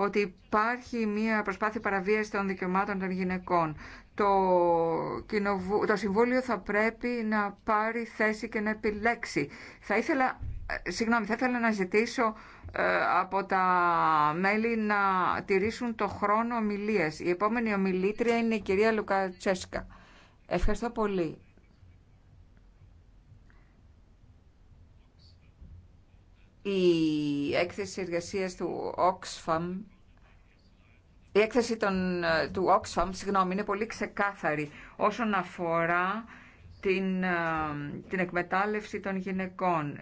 ότι υπάρχει μια προσπάθεια παραβίαση των δικαιωμάτων των γυναικών. Το, κοινοβου... το Συμβούλιο θα πρέπει να πάρει θέση και να επιλέξει. Θα ήθελα, ε, συγγνώμη, θα ήθελα να ζητήσω ε, από τα μέλη να τηρήσουν το χρόνο ομιλίας. Η επόμενη ομιλήτρια είναι η κυρία Λουκατσέσκα. Ευχαριστώ πολύ. η έκθεση εργασίας του Oxfam η έκθεση των, του Oxfam συγγνώμη, είναι πολύ ξεκάθαρη όσον αφορά την, ε, την εκμετάλλευση των γυναικών.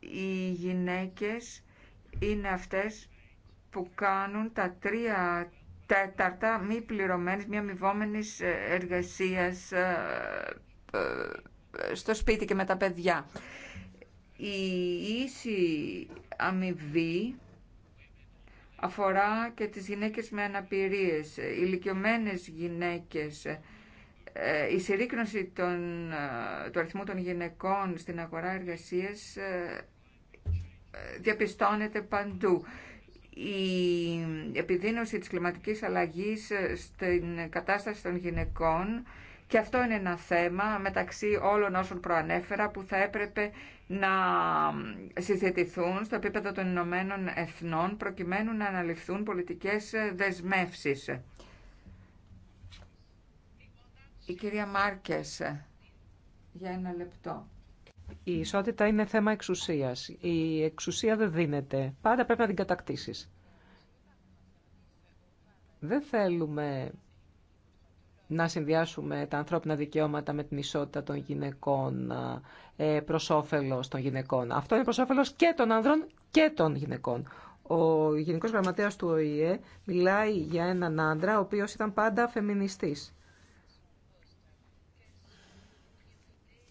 Οι γυναίκες είναι αυτές που κάνουν τα τρία τέταρτα μη πληρωμένης, μη αμοιβόμενης ε, εργασίας ε, στο σπίτι και με τα παιδιά η ίση αμοιβή αφορά και τις γυναίκες με αναπηρίες, ηλικιωμένες γυναίκες, ε, η συρρήκνωση ε, του αριθμού των γυναικών στην αγορά εργασίας ε, διαπιστώνεται παντού. Η επιδείνωση της κλιματικής αλλαγής στην κατάσταση των γυναικών και αυτό είναι ένα θέμα μεταξύ όλων όσων προανέφερα που θα έπρεπε να συζητηθούν στο επίπεδο των Ηνωμένων Εθνών προκειμένου να αναλυφθούν πολιτικές δεσμεύσεις. Η κυρία Μάρκες, για ένα λεπτό. Η ισότητα είναι θέμα εξουσίας. Η εξουσία δεν δίνεται. Πάντα πρέπει να την κατακτήσεις. Δεν θέλουμε να συνδυάσουμε τα ανθρώπινα δικαιώματα με την ισότητα των γυναικών ε, προ όφελο των γυναικών. Αυτό είναι προ όφελο και των ανδρών και των γυναικών. Ο Γενικός Γραμματέας του ΟΗΕ μιλάει για έναν άντρα ο οποίος ήταν πάντα φεμινιστής.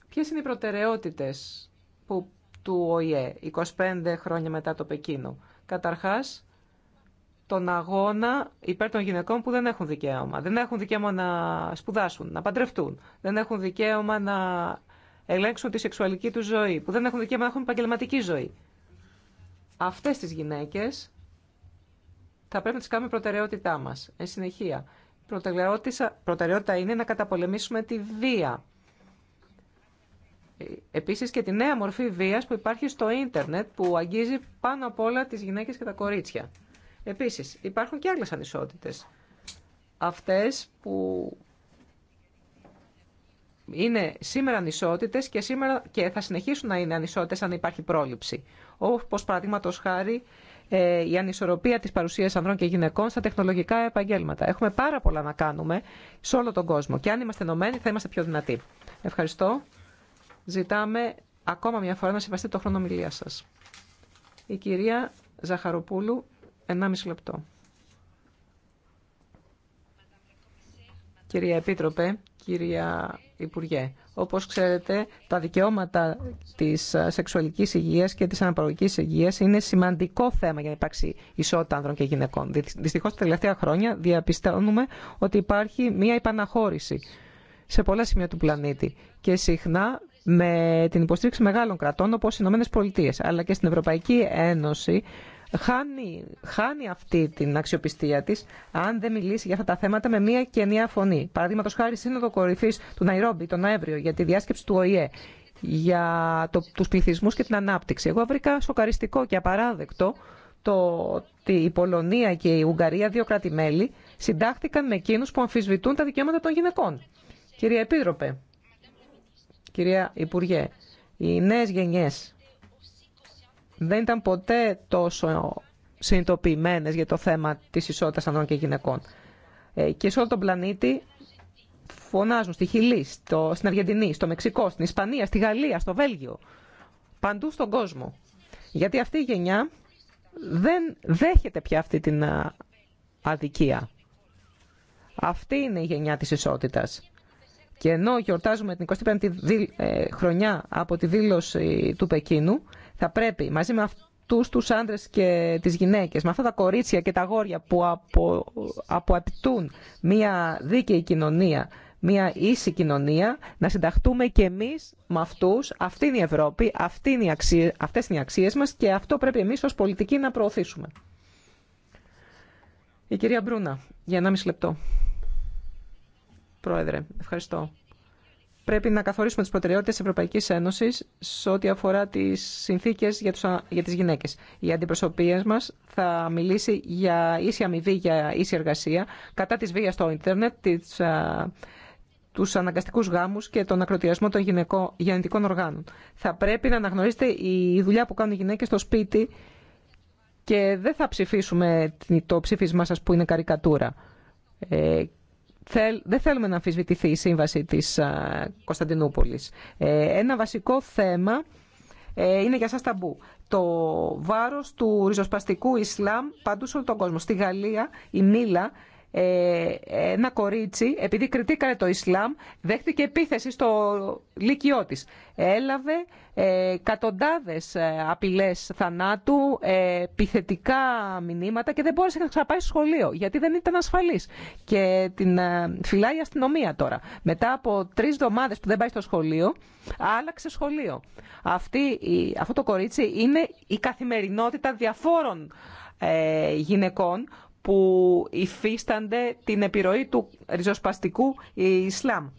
Ποιες είναι οι προτεραιότητες του ΟΗΕ 25 χρόνια μετά το Πεκίνο. Καταρχάς, τον αγώνα υπέρ των γυναικών που δεν έχουν δικαίωμα. Δεν έχουν δικαίωμα να σπουδάσουν, να παντρευτούν. Δεν έχουν δικαίωμα να ελέγξουν τη σεξουαλική του ζωή. Που δεν έχουν δικαίωμα να έχουν επαγγελματική ζωή. Αυτέ τι γυναίκε θα πρέπει να τι κάνουμε προτεραιότητά μα. Εν συνεχεία, προτεραιότητα είναι να καταπολεμήσουμε τη βία. Ε, επίσης και τη νέα μορφή βίας που υπάρχει στο ίντερνετ που αγγίζει πάνω απ' όλα τις γυναίκες και τα κορίτσια. Επίσης, υπάρχουν και άλλες ανισότητες. Αυτές που είναι σήμερα ανισότητες και, σήμερα, και θα συνεχίσουν να είναι ανισότητες αν υπάρχει πρόληψη. Όπως παραδείγματο χάρη ε, η ανισορροπία της παρουσίας ανδρών και γυναικών στα τεχνολογικά επαγγέλματα. Έχουμε πάρα πολλά να κάνουμε σε όλο τον κόσμο και αν είμαστε ενωμένοι θα είμαστε πιο δυνατοί. Ευχαριστώ. Ζητάμε ακόμα μια φορά να σεβαστείτε το χρόνο μιλία σας. Η κυρία Ζαχαροπούλου 1,5 λεπτό. Κυρία Επίτροπε, κυρία Υπουργέ, όπως ξέρετε, τα δικαιώματα της σεξουαλικής υγείας και της αναπαραγωγικής υγείας είναι σημαντικό θέμα για να υπάρξει ισότητα άνδρων και γυναικών. Δυστυχώς, τα τελευταία χρόνια διαπιστώνουμε ότι υπάρχει μία υπαναχώρηση σε πολλά σημεία του πλανήτη και συχνά με την υποστήριξη μεγάλων κρατών όπως οι ΗΠΑ, αλλά και στην Ευρωπαϊκή Ένωση χάνει, αυτή την αξιοπιστία τη αν δεν μιλήσει για αυτά τα θέματα με μία κενή φωνή. Παραδείγματο χάρη σύνοδο κορυφής του Ναϊρόμπι τον Νοέμβριο για τη διάσκεψη του ΟΗΕ για το, τους πληθυσμούς και την ανάπτυξη. Εγώ βρήκα σοκαριστικό και απαράδεκτο το ότι η Πολωνία και η Ουγγαρία, δύο κράτη-μέλη, συντάχθηκαν με εκείνου που αμφισβητούν τα δικαιώματα των γυναικών. Κυρία Επίτροπε, κυρία Υπουργέ, οι νέε γενιέ δεν ήταν ποτέ τόσο συνειδητοποιημένε για το θέμα της ισότητας ανδρών και γυναικών. Ε, και σε όλο τον πλανήτη φωνάζουν στη Χιλή, στο, στην Αργεντινή, στο Μεξικό, στην Ισπανία, στη Γαλλία, στο Βέλγιο. Παντού στον κόσμο. Γιατί αυτή η γενιά δεν δέχεται πια αυτή την ε, αδικία. Αυτή είναι η γενιά της ισότητας. Και ενώ γιορτάζουμε την 25η ε, χρονιά από τη δήλωση του Πεκίνου, θα πρέπει μαζί με αυτούς τους άντρες και τις γυναίκες, με αυτά τα κορίτσια και τα γόρια που απο, αποαπητούν μια δίκαιη κοινωνία, μια ίση κοινωνία, να συνταχτούμε και εμείς με αυτούς. Αυτή είναι η Ευρώπη, αυτέ είναι αυτές είναι οι αξίες μας και αυτό πρέπει εμείς ως πολιτικοί να προωθήσουμε. Η κυρία Μπρούνα, για μισή λεπτό. Πρόεδρε, ευχαριστώ πρέπει να καθορίσουμε τις προτεραιότητες της Ευρωπαϊκής Ένωσης σε ό,τι αφορά τις συνθήκες για, τους, για τις γυναίκες. Η αντιπροσωπεία μας θα μιλήσει για ίση αμοιβή, για ίση εργασία, κατά της βία στο ίντερνετ, της, τους αναγκαστικούς γάμους και τον ακροτηριασμό των γυναικό, γεννητικών οργάνων. Θα πρέπει να αναγνωρίσετε η δουλειά που κάνουν οι γυναίκες στο σπίτι και δεν θα ψηφίσουμε το ψήφισμά σας που είναι καρικατούρα ε, δεν θέλουμε να αμφισβητηθεί η σύμβαση της Κωνσταντινούπολης. Ε, ένα βασικό θέμα ε, είναι για σας ταμπού. Το βάρος του ριζοσπαστικού Ισλάμ παντού σε όλο τον κόσμο. Στη Γαλλία η Μίλα ε, ένα κορίτσι, επειδή κριτήκανε το Ισλάμ, δέχτηκε επίθεση στο λύκειό της. Έλαβε ε, εκατοντάδες ε, απειλές θανάτου, επιθετικά μηνύματα και δεν μπόρεσε να ξαναπάει στο σχολείο, γιατί δεν ήταν ασφαλής. Και την φυλάει η αστυνομία τώρα. Μετά από τρεις εβδομάδε που δεν πάει στο σχολείο, άλλαξε σχολείο. Αυτή, αυτό το κορίτσι είναι η καθημερινότητα διαφόρων γυναικών που υφίστανται την επιρροή του ριζοσπαστικού Ισλάμ.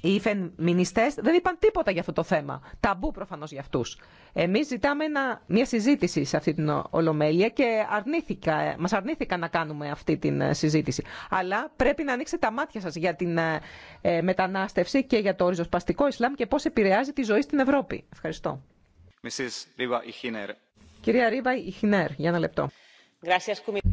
Οι φεμινιστέ δεν είπαν τίποτα για αυτό το θέμα. Ταμπού προφανώ για αυτού. Εμεί ζητάμε μια συζήτηση σε αυτή την ολομέλεια και μα αρνήθηκαν να κάνουμε αυτή την ε, συζήτηση. Αλλά πρέπει να ανοίξετε τα μάτια σα για την ε, ε, μετανάστευση και για το ριζοσπαστικό Ισλάμ και πώ επηρεάζει τη ζωή στην Ευρώπη. Ευχαριστώ. Κυρία Ρίβα Ιχινέρ, για ένα λεπτό.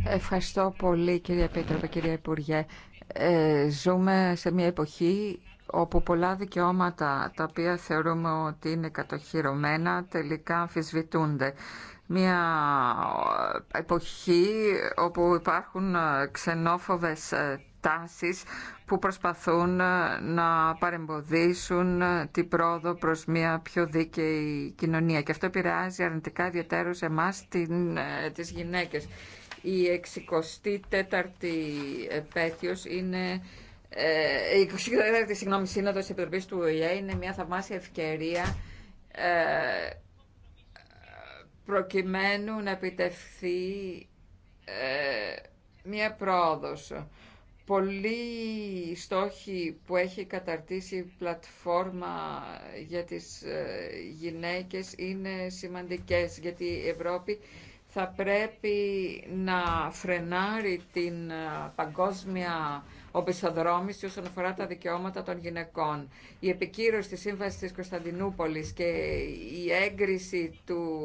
Ευχαριστώ πολύ κύριε Πίτροπε, κύριε Υπουργέ. Ε, ζούμε σε μια εποχή όπου πολλά δικαιώματα τα οποία θεωρούμε ότι είναι κατοχυρωμένα τελικά αμφισβητούνται. Μια ε, εποχή όπου υπάρχουν ε, ξενόφοβες ε, τάσεις που προσπαθούν ε, να παρεμποδίσουν ε, την πρόοδο προς μια πιο δίκαιη κοινωνία. Και αυτό επηρεάζει αρνητικά ιδιαίτερως εμάς την, ε, τις γυναίκες. Η 64η επέτειος είναι... Ε, η 64η συγγνώμη, Σύνοδος της Επιτροπής του ΟΗΕ είναι μια θαυμάσια ευκαιρία ε, προκειμένου να επιτευχθεί ε, μια πρόοδος πολλοί στόχοι που έχει καταρτήσει η πλατφόρμα για τις ε, γυναίκες είναι σημαντικές γιατί η Ευρώπη θα πρέπει να φρενάρει την ε, παγκόσμια οπισθοδρόμηση όσον αφορά τα δικαιώματα των γυναικών. Η επικύρωση της Σύμβασης της Κωνσταντινούπολης και η έγκριση του,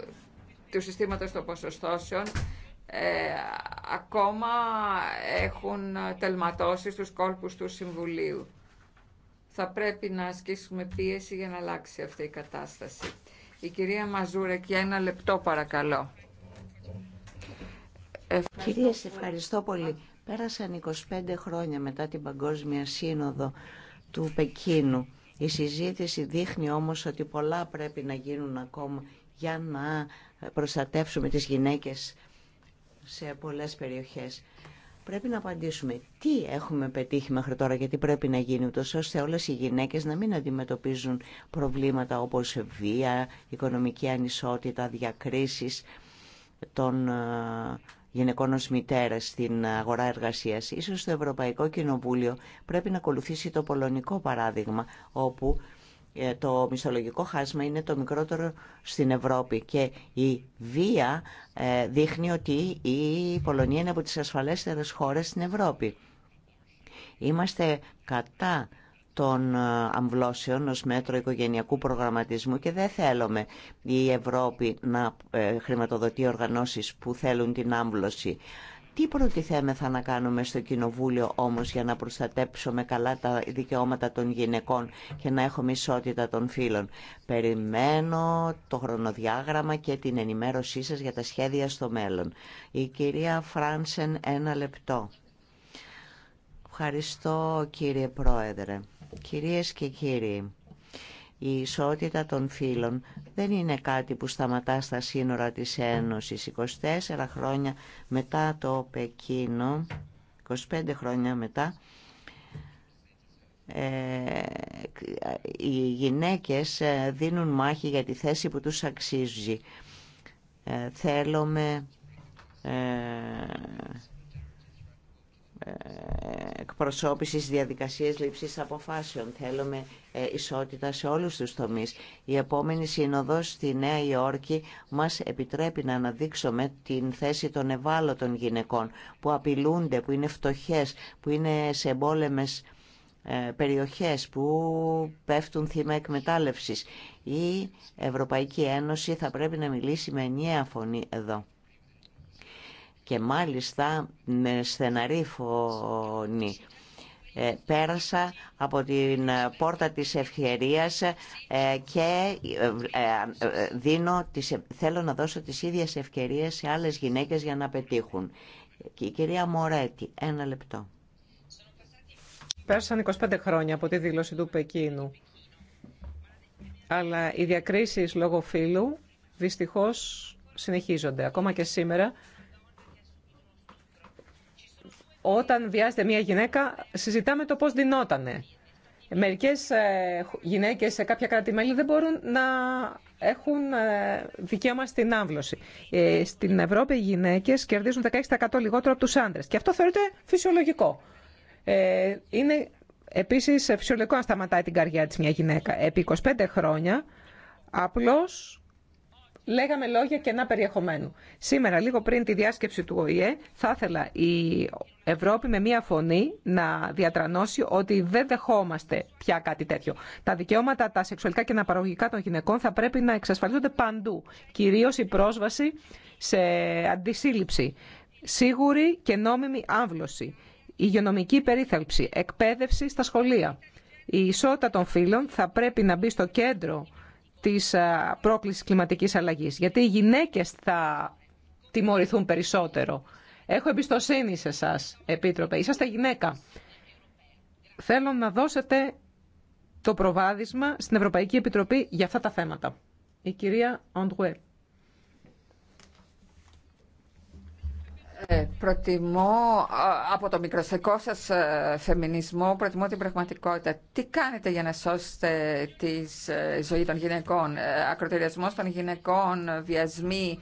ε, του συστήματος των ποσοστώσεων ε, ακόμα έχουν τελματώσει στους κόλπους του Συμβουλίου. Θα πρέπει να ασκήσουμε πίεση για να αλλάξει αυτή η κατάσταση. Η κυρία Μαζούρεκ, για ένα λεπτό παρακαλώ. Κυρίε, Κυρίες, ευχαριστώ πολύ. Πέρασαν 25 χρόνια μετά την Παγκόσμια Σύνοδο του Πεκίνου. Η συζήτηση δείχνει όμως ότι πολλά πρέπει να γίνουν ακόμα για να προστατεύσουμε τις γυναίκες σε πολλές περιοχές. Πρέπει να απαντήσουμε τι έχουμε πετύχει μέχρι τώρα και τι πρέπει να γίνει ούτως ώστε όλες οι γυναίκες να μην αντιμετωπίζουν προβλήματα όπως βία, οικονομική ανισότητα, διακρίσεις των ε, γυναικών ως μητέρες στην αγορά εργασίας. Ίσως το Ευρωπαϊκό Κοινοβούλιο πρέπει να ακολουθήσει το πολωνικό παράδειγμα όπου ε, το μισθολογικό χάσμα είναι το μικρότερο στην Ευρώπη και η βία ε, δείχνει ότι η Πολωνία είναι από τις ασφαλέστερες χώρες στην Ευρώπη. Είμαστε κατά των ε, αμβλώσεων ως μέτρο οικογενειακού προγραμματισμού και δεν θέλουμε η Ευρώπη να χρηματοδοτεί οργανώσεις που θέλουν την άμβλωση. Τι προτιθέμεθα να κάνουμε στο Κοινοβούλιο όμως για να προστατέψουμε καλά τα δικαιώματα των γυναικών και να έχουμε ισότητα των φίλων. Περιμένω το χρονοδιάγραμμα και την ενημέρωσή σας για τα σχέδια στο μέλλον. Η κυρία Φράνσεν, ένα λεπτό. Ευχαριστώ κύριε Πρόεδρε. Κυρίες και κύριοι. Η ισότητα των φύλων δεν είναι κάτι που σταματά στα σύνορα της Ένωσης. 24 χρόνια μετά το Πεκίνο, 25 χρόνια μετά, ε, οι γυναίκες ε, δίνουν μάχη για τη θέση που τους αξίζει. Ε, θέλουμε ε, εκπροσώπησης διαδικασίες λήψης αποφάσεων. Θέλουμε ε, ισότητα σε όλους τους τομείς. Η επόμενη σύνοδος στη Νέα Υόρκη μας επιτρέπει να αναδείξουμε την θέση των ευάλωτων γυναικών που απειλούνται, που είναι φτωχές, που είναι σε εμπόλεμες ε, περιοχές που πέφτουν θύμα εκμετάλλευσης. Η Ευρωπαϊκή Ένωση θα πρέπει να μιλήσει με ενιαία φωνή εδώ και μάλιστα με στεναρή φωνή. Ε, πέρασα από την πόρτα της ευκαιρίας ε, και ε, δίνω τις, θέλω να δώσω τις ίδιες ευκαιρίες σε άλλες γυναίκες για να πετύχουν. Και κυρία Μωρέτη, ένα λεπτό. Πέρασαν 25 χρόνια από τη δήλωση του Πεκίνου. Αλλά οι διακρίσεις λόγω φύλου δυστυχώς συνεχίζονται. Ακόμα και σήμερα όταν βιάζεται μια γυναίκα, συζητάμε το πώς δινότανε. Μερικές ε, γυναίκες σε κάποια κράτη-μέλη δεν μπορούν να έχουν ε, δικαίωμα στην άμβλωση. Ε, στην Ευρώπη οι γυναίκες κερδίζουν 16% λιγότερο από τους άντρες. Και αυτό θεωρείται φυσιολογικό. Είναι επίσης φυσιολογικό να σταματάει την καρδιά της μια γυναίκα. Επί 25 χρόνια απλώς λέγαμε λόγια και ένα περιεχομένου. Σήμερα, λίγο πριν τη διάσκεψη του ΟΗΕ, θα ήθελα η Ευρώπη με μία φωνή να διατρανώσει ότι δεν δεχόμαστε πια κάτι τέτοιο. Τα δικαιώματα, τα σεξουαλικά και αναπαραγωγικά των γυναικών θα πρέπει να εξασφαλίζονται παντού. Κυρίως η πρόσβαση σε αντισύλληψη, σίγουρη και νόμιμη άμβλωση, υγειονομική περίθαλψη, εκπαίδευση στα σχολεία. Η ισότητα των φύλων θα πρέπει να μπει στο κέντρο της ε, πρόκλησης κλιματικής αλλαγής. Γιατί οι γυναίκες θα τιμωρηθούν περισσότερο. Έχω εμπιστοσύνη σε εσά, Επίτροπε. Είσαστε γυναίκα. Θέλω να δώσετε το προβάδισμα στην Ευρωπαϊκή Επιτροπή για αυτά τα θέματα. Η κυρία Αντουέλ. Ε, προτιμώ από το μικροστικό σας ε, φεμινισμό, προτιμώ την πραγματικότητα. Τι κάνετε για να σώσετε τη ε, ζωή των γυναικών, ακροτηριασμός των γυναικών, βιασμοί,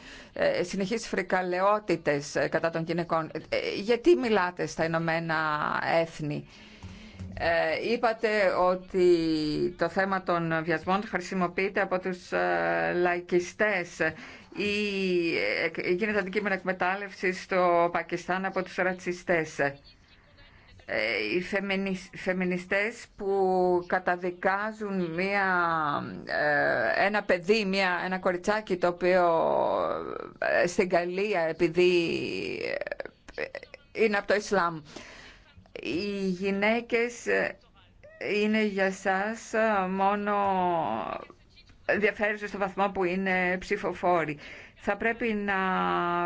συνεχείς φρικαλαιότητες κατά των γυναικών. Γιατί μιλάτε στα Ηνωμένα Έθνη. Ε, είπατε ότι το θέμα των βιασμών χρησιμοποιείται από τους λαϊκιστές ή ε, γίνεται αντικείμενο εκμετάλλευση στο Πακιστάν από τους ρατσιστές. Ε, οι φεμινιστές που καταδικάζουν μια, ε, ένα παιδί, μια, ένα κοριτσάκι το οποίο στην Γαλλία επειδή είναι από το Ισλάμ. Οι γυναίκες είναι για σας μόνο ενδιαφέρουσε στο βαθμό που είναι ψηφοφόροι. Θα πρέπει να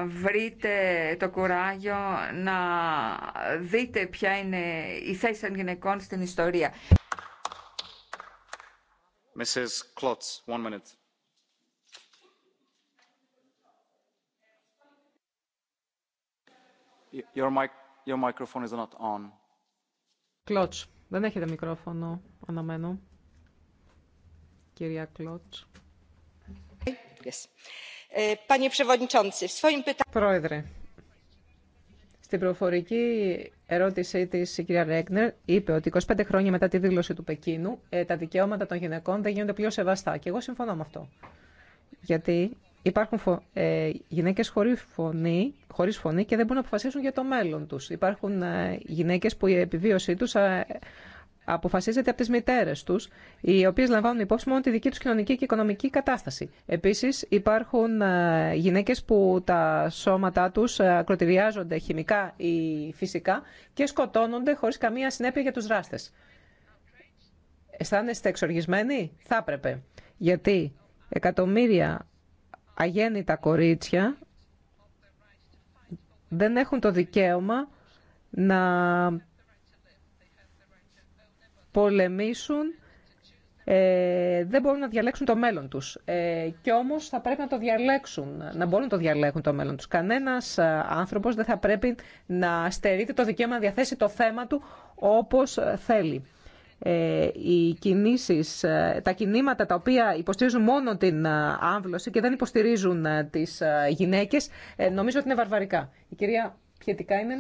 βρείτε το κουράγιο να δείτε ποια είναι η θέση των γυναικών στην ιστορία. Mrs. Klotz, one minute. Your, mic your microphone is not on. Klotz, δεν έχετε μικρόφωνο αναμένο. Ε, Πρόεδρε, στην προφορική ερώτησή τη, η κυρία Ρέγνερ είπε ότι 25 χρόνια μετά τη δήλωση του Πεκίνου ε, τα δικαιώματα των γυναικών δεν γίνονται πλέον σεβαστά. Και εγώ συμφωνώ με αυτό. Γιατί υπάρχουν φο... ε, γυναίκες χωρίς φωνή, χωρίς φωνή και δεν μπορούν να αποφασίσουν για το μέλλον του. Υπάρχουν ε, γυναίκε που η επιβίωσή του. ε, αποφασίζεται από τι μητέρε του, οι οποίε λαμβάνουν υπόψη μόνο τη δική του κοινωνική και οικονομική κατάσταση. Επίση, υπάρχουν ε, γυναίκε που τα σώματά του ε, ακροτηριάζονται χημικά ή φυσικά και σκοτώνονται χωρί καμία συνέπεια για του δράστε. Αισθάνεστε εξοργισμένοι? Θα έπρεπε. Γιατί εκατομμύρια αγέννητα κορίτσια δεν έχουν το δικαίωμα να πολεμήσουν, ε, δεν μπορούν να διαλέξουν το μέλλον τους. Ε, και όμως θα πρέπει να το διαλέξουν, να μπορούν να το διαλέξουν το μέλλον τους. Κανένας ε, άνθρωπος δεν θα πρέπει να στερείται το δικαίωμα να διαθέσει το θέμα του όπως θέλει. Ε, οι κινήσεις, ε, τα κινήματα τα οποία υποστηρίζουν μόνο την ε, άμβλωση και δεν υποστηρίζουν τις γυναίκες, νομίζω ότι είναι βαρβαρικά. Η κυρία σχετικά είναι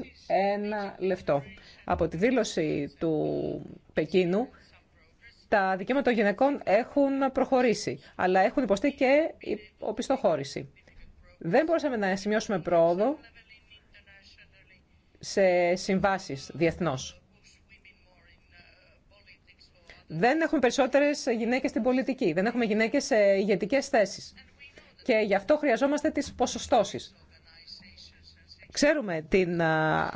ένα λεπτό. Από τη δήλωση του Πεκίνου, τα δικαιώματα των γυναικών έχουν προχωρήσει, αλλά έχουν υποστεί και οπισθοχώρηση. Δεν μπορούσαμε να σημειώσουμε πρόοδο σε συμβάσεις διεθνώς. Δεν έχουμε περισσότερες γυναίκες στην πολιτική, δεν έχουμε γυναίκες σε ηγετικές θέσεις. Και γι' αυτό χρειαζόμαστε τις ποσοστώσεις. Ξέρουμε την,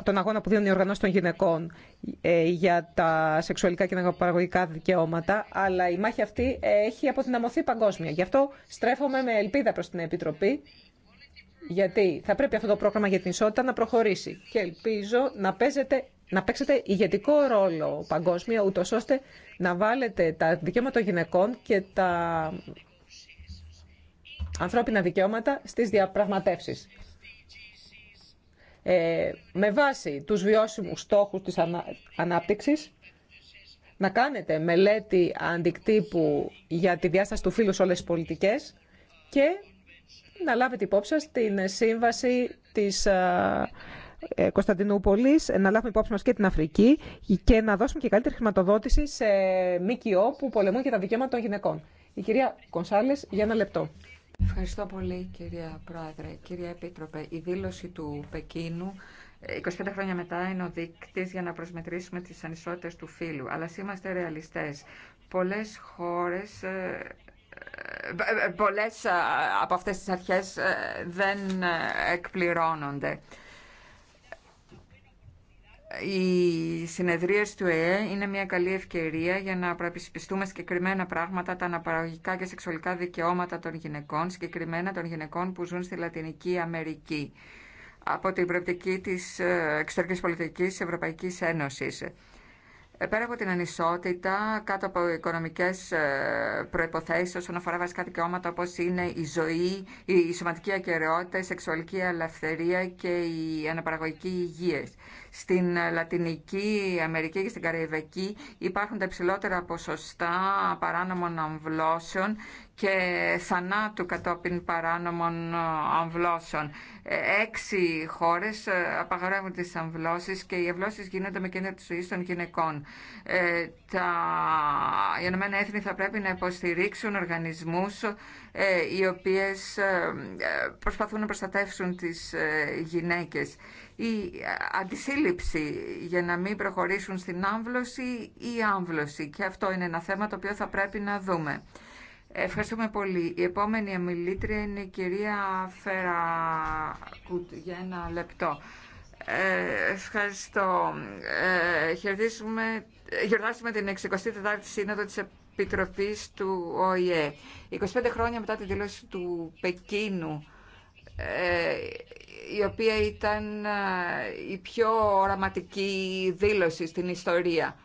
τον αγώνα που δίνουν οι οργανώσει των γυναικών ε, για τα σεξουαλικά και αναπαραγωγικά δικαιώματα, αλλά η μάχη αυτή έχει αποδυναμωθεί παγκόσμια. Γι' αυτό στρέφομαι με ελπίδα προς την Επιτροπή, γιατί θα πρέπει αυτό το πρόγραμμα για την ισότητα να προχωρήσει. Και ελπίζω να, παίζετε, να παίξετε ηγετικό ρόλο παγκόσμια, ούτω ώστε να βάλετε τα δικαιώματα των γυναικών και τα ανθρώπινα δικαιώματα στις διαπραγματεύσεις. Ε, με βάση τους βιώσιμους στόχους της ανάπτυξης, να κάνετε μελέτη αντικτύπου για τη διάσταση του φύλου σε όλες τις πολιτικές και να λάβετε υπόψη σας την σύμβαση της ε, ε, Κωνσταντινούπολης, να λάβουμε υπόψη μας και την Αφρική και να δώσουμε και καλύτερη χρηματοδότηση σε ΜΚΟ που πολεμούν για τα δικαιώματα των γυναικών. Η κυρία Κονσάλες για ένα λεπτό. Ευχαριστώ πολύ κυρία Πρόεδρε. Κυρία Επίτροπε, η δήλωση του Πεκίνου 25 ε, χρόνια μετά είναι ο δείκτης για να προσμετρήσουμε τις ανισότητες του φύλου. Αλλά είμαστε ρεαλιστές. Πολλές χώρες ε, ε, πολλές από αυτές τις αρχές δεν εκπληρώνονται οι συνεδρίες του ΕΕ είναι μια καλή ευκαιρία για να προεπισπιστούμε συγκεκριμένα πράγματα, τα αναπαραγωγικά και σεξουαλικά δικαιώματα των γυναικών, συγκεκριμένα των γυναικών που ζουν στη Λατινική Αμερική, από την προοπτική της ε, εξωτερικής πολιτικής της Ευρωπαϊκής Ένωσης. Ε, πέρα από την ανισότητα, κάτω από οικονομικέ ε, προποθέσει όσον αφορά βασικά δικαιώματα όπω είναι η ζωή, η σωματική ακαιρεότητα, η σεξουαλική ελευθερία και η αναπαραγωγική υγεία. Στην ε, Λατινική Αμερική και στην Καραϊβική υπάρχουν τα υψηλότερα ποσοστά παράνομων αμβλώσεων και θανάτου κατόπιν παράνομων ε, αμβλώσεων. Ε, έξι χώρες ε, απαγορεύουν τις αμβλώσεις και οι αμβλώσεις γίνονται με κέντρο της ζωής των γυναικών. Ε, τα Ηνωμένα Έθνη θα πρέπει να υποστηρίξουν οργανισμούς ε, οι οποίες προσπαθούν να προστατεύσουν τις γυναίκες. Η αντισύλληψη για να μην προχωρήσουν στην άμβλωση ή άμβλωση και αυτό είναι ένα θέμα το οποίο θα πρέπει να δούμε. Ευχαριστούμε πολύ. Η επόμενη αμιλήτρια είναι η κυρία Φερακούτ για ένα λεπτό. Ε, ευχαριστώ. Ε, γιορτάσουμε την 64η Σύνοδο της Επιτροπής του ΟΗΕ. 25 χρόνια μετά τη δήλωση του Πεκίνου, ε, η οποία ήταν ε, η πιο οραματική δήλωση στην ιστορία.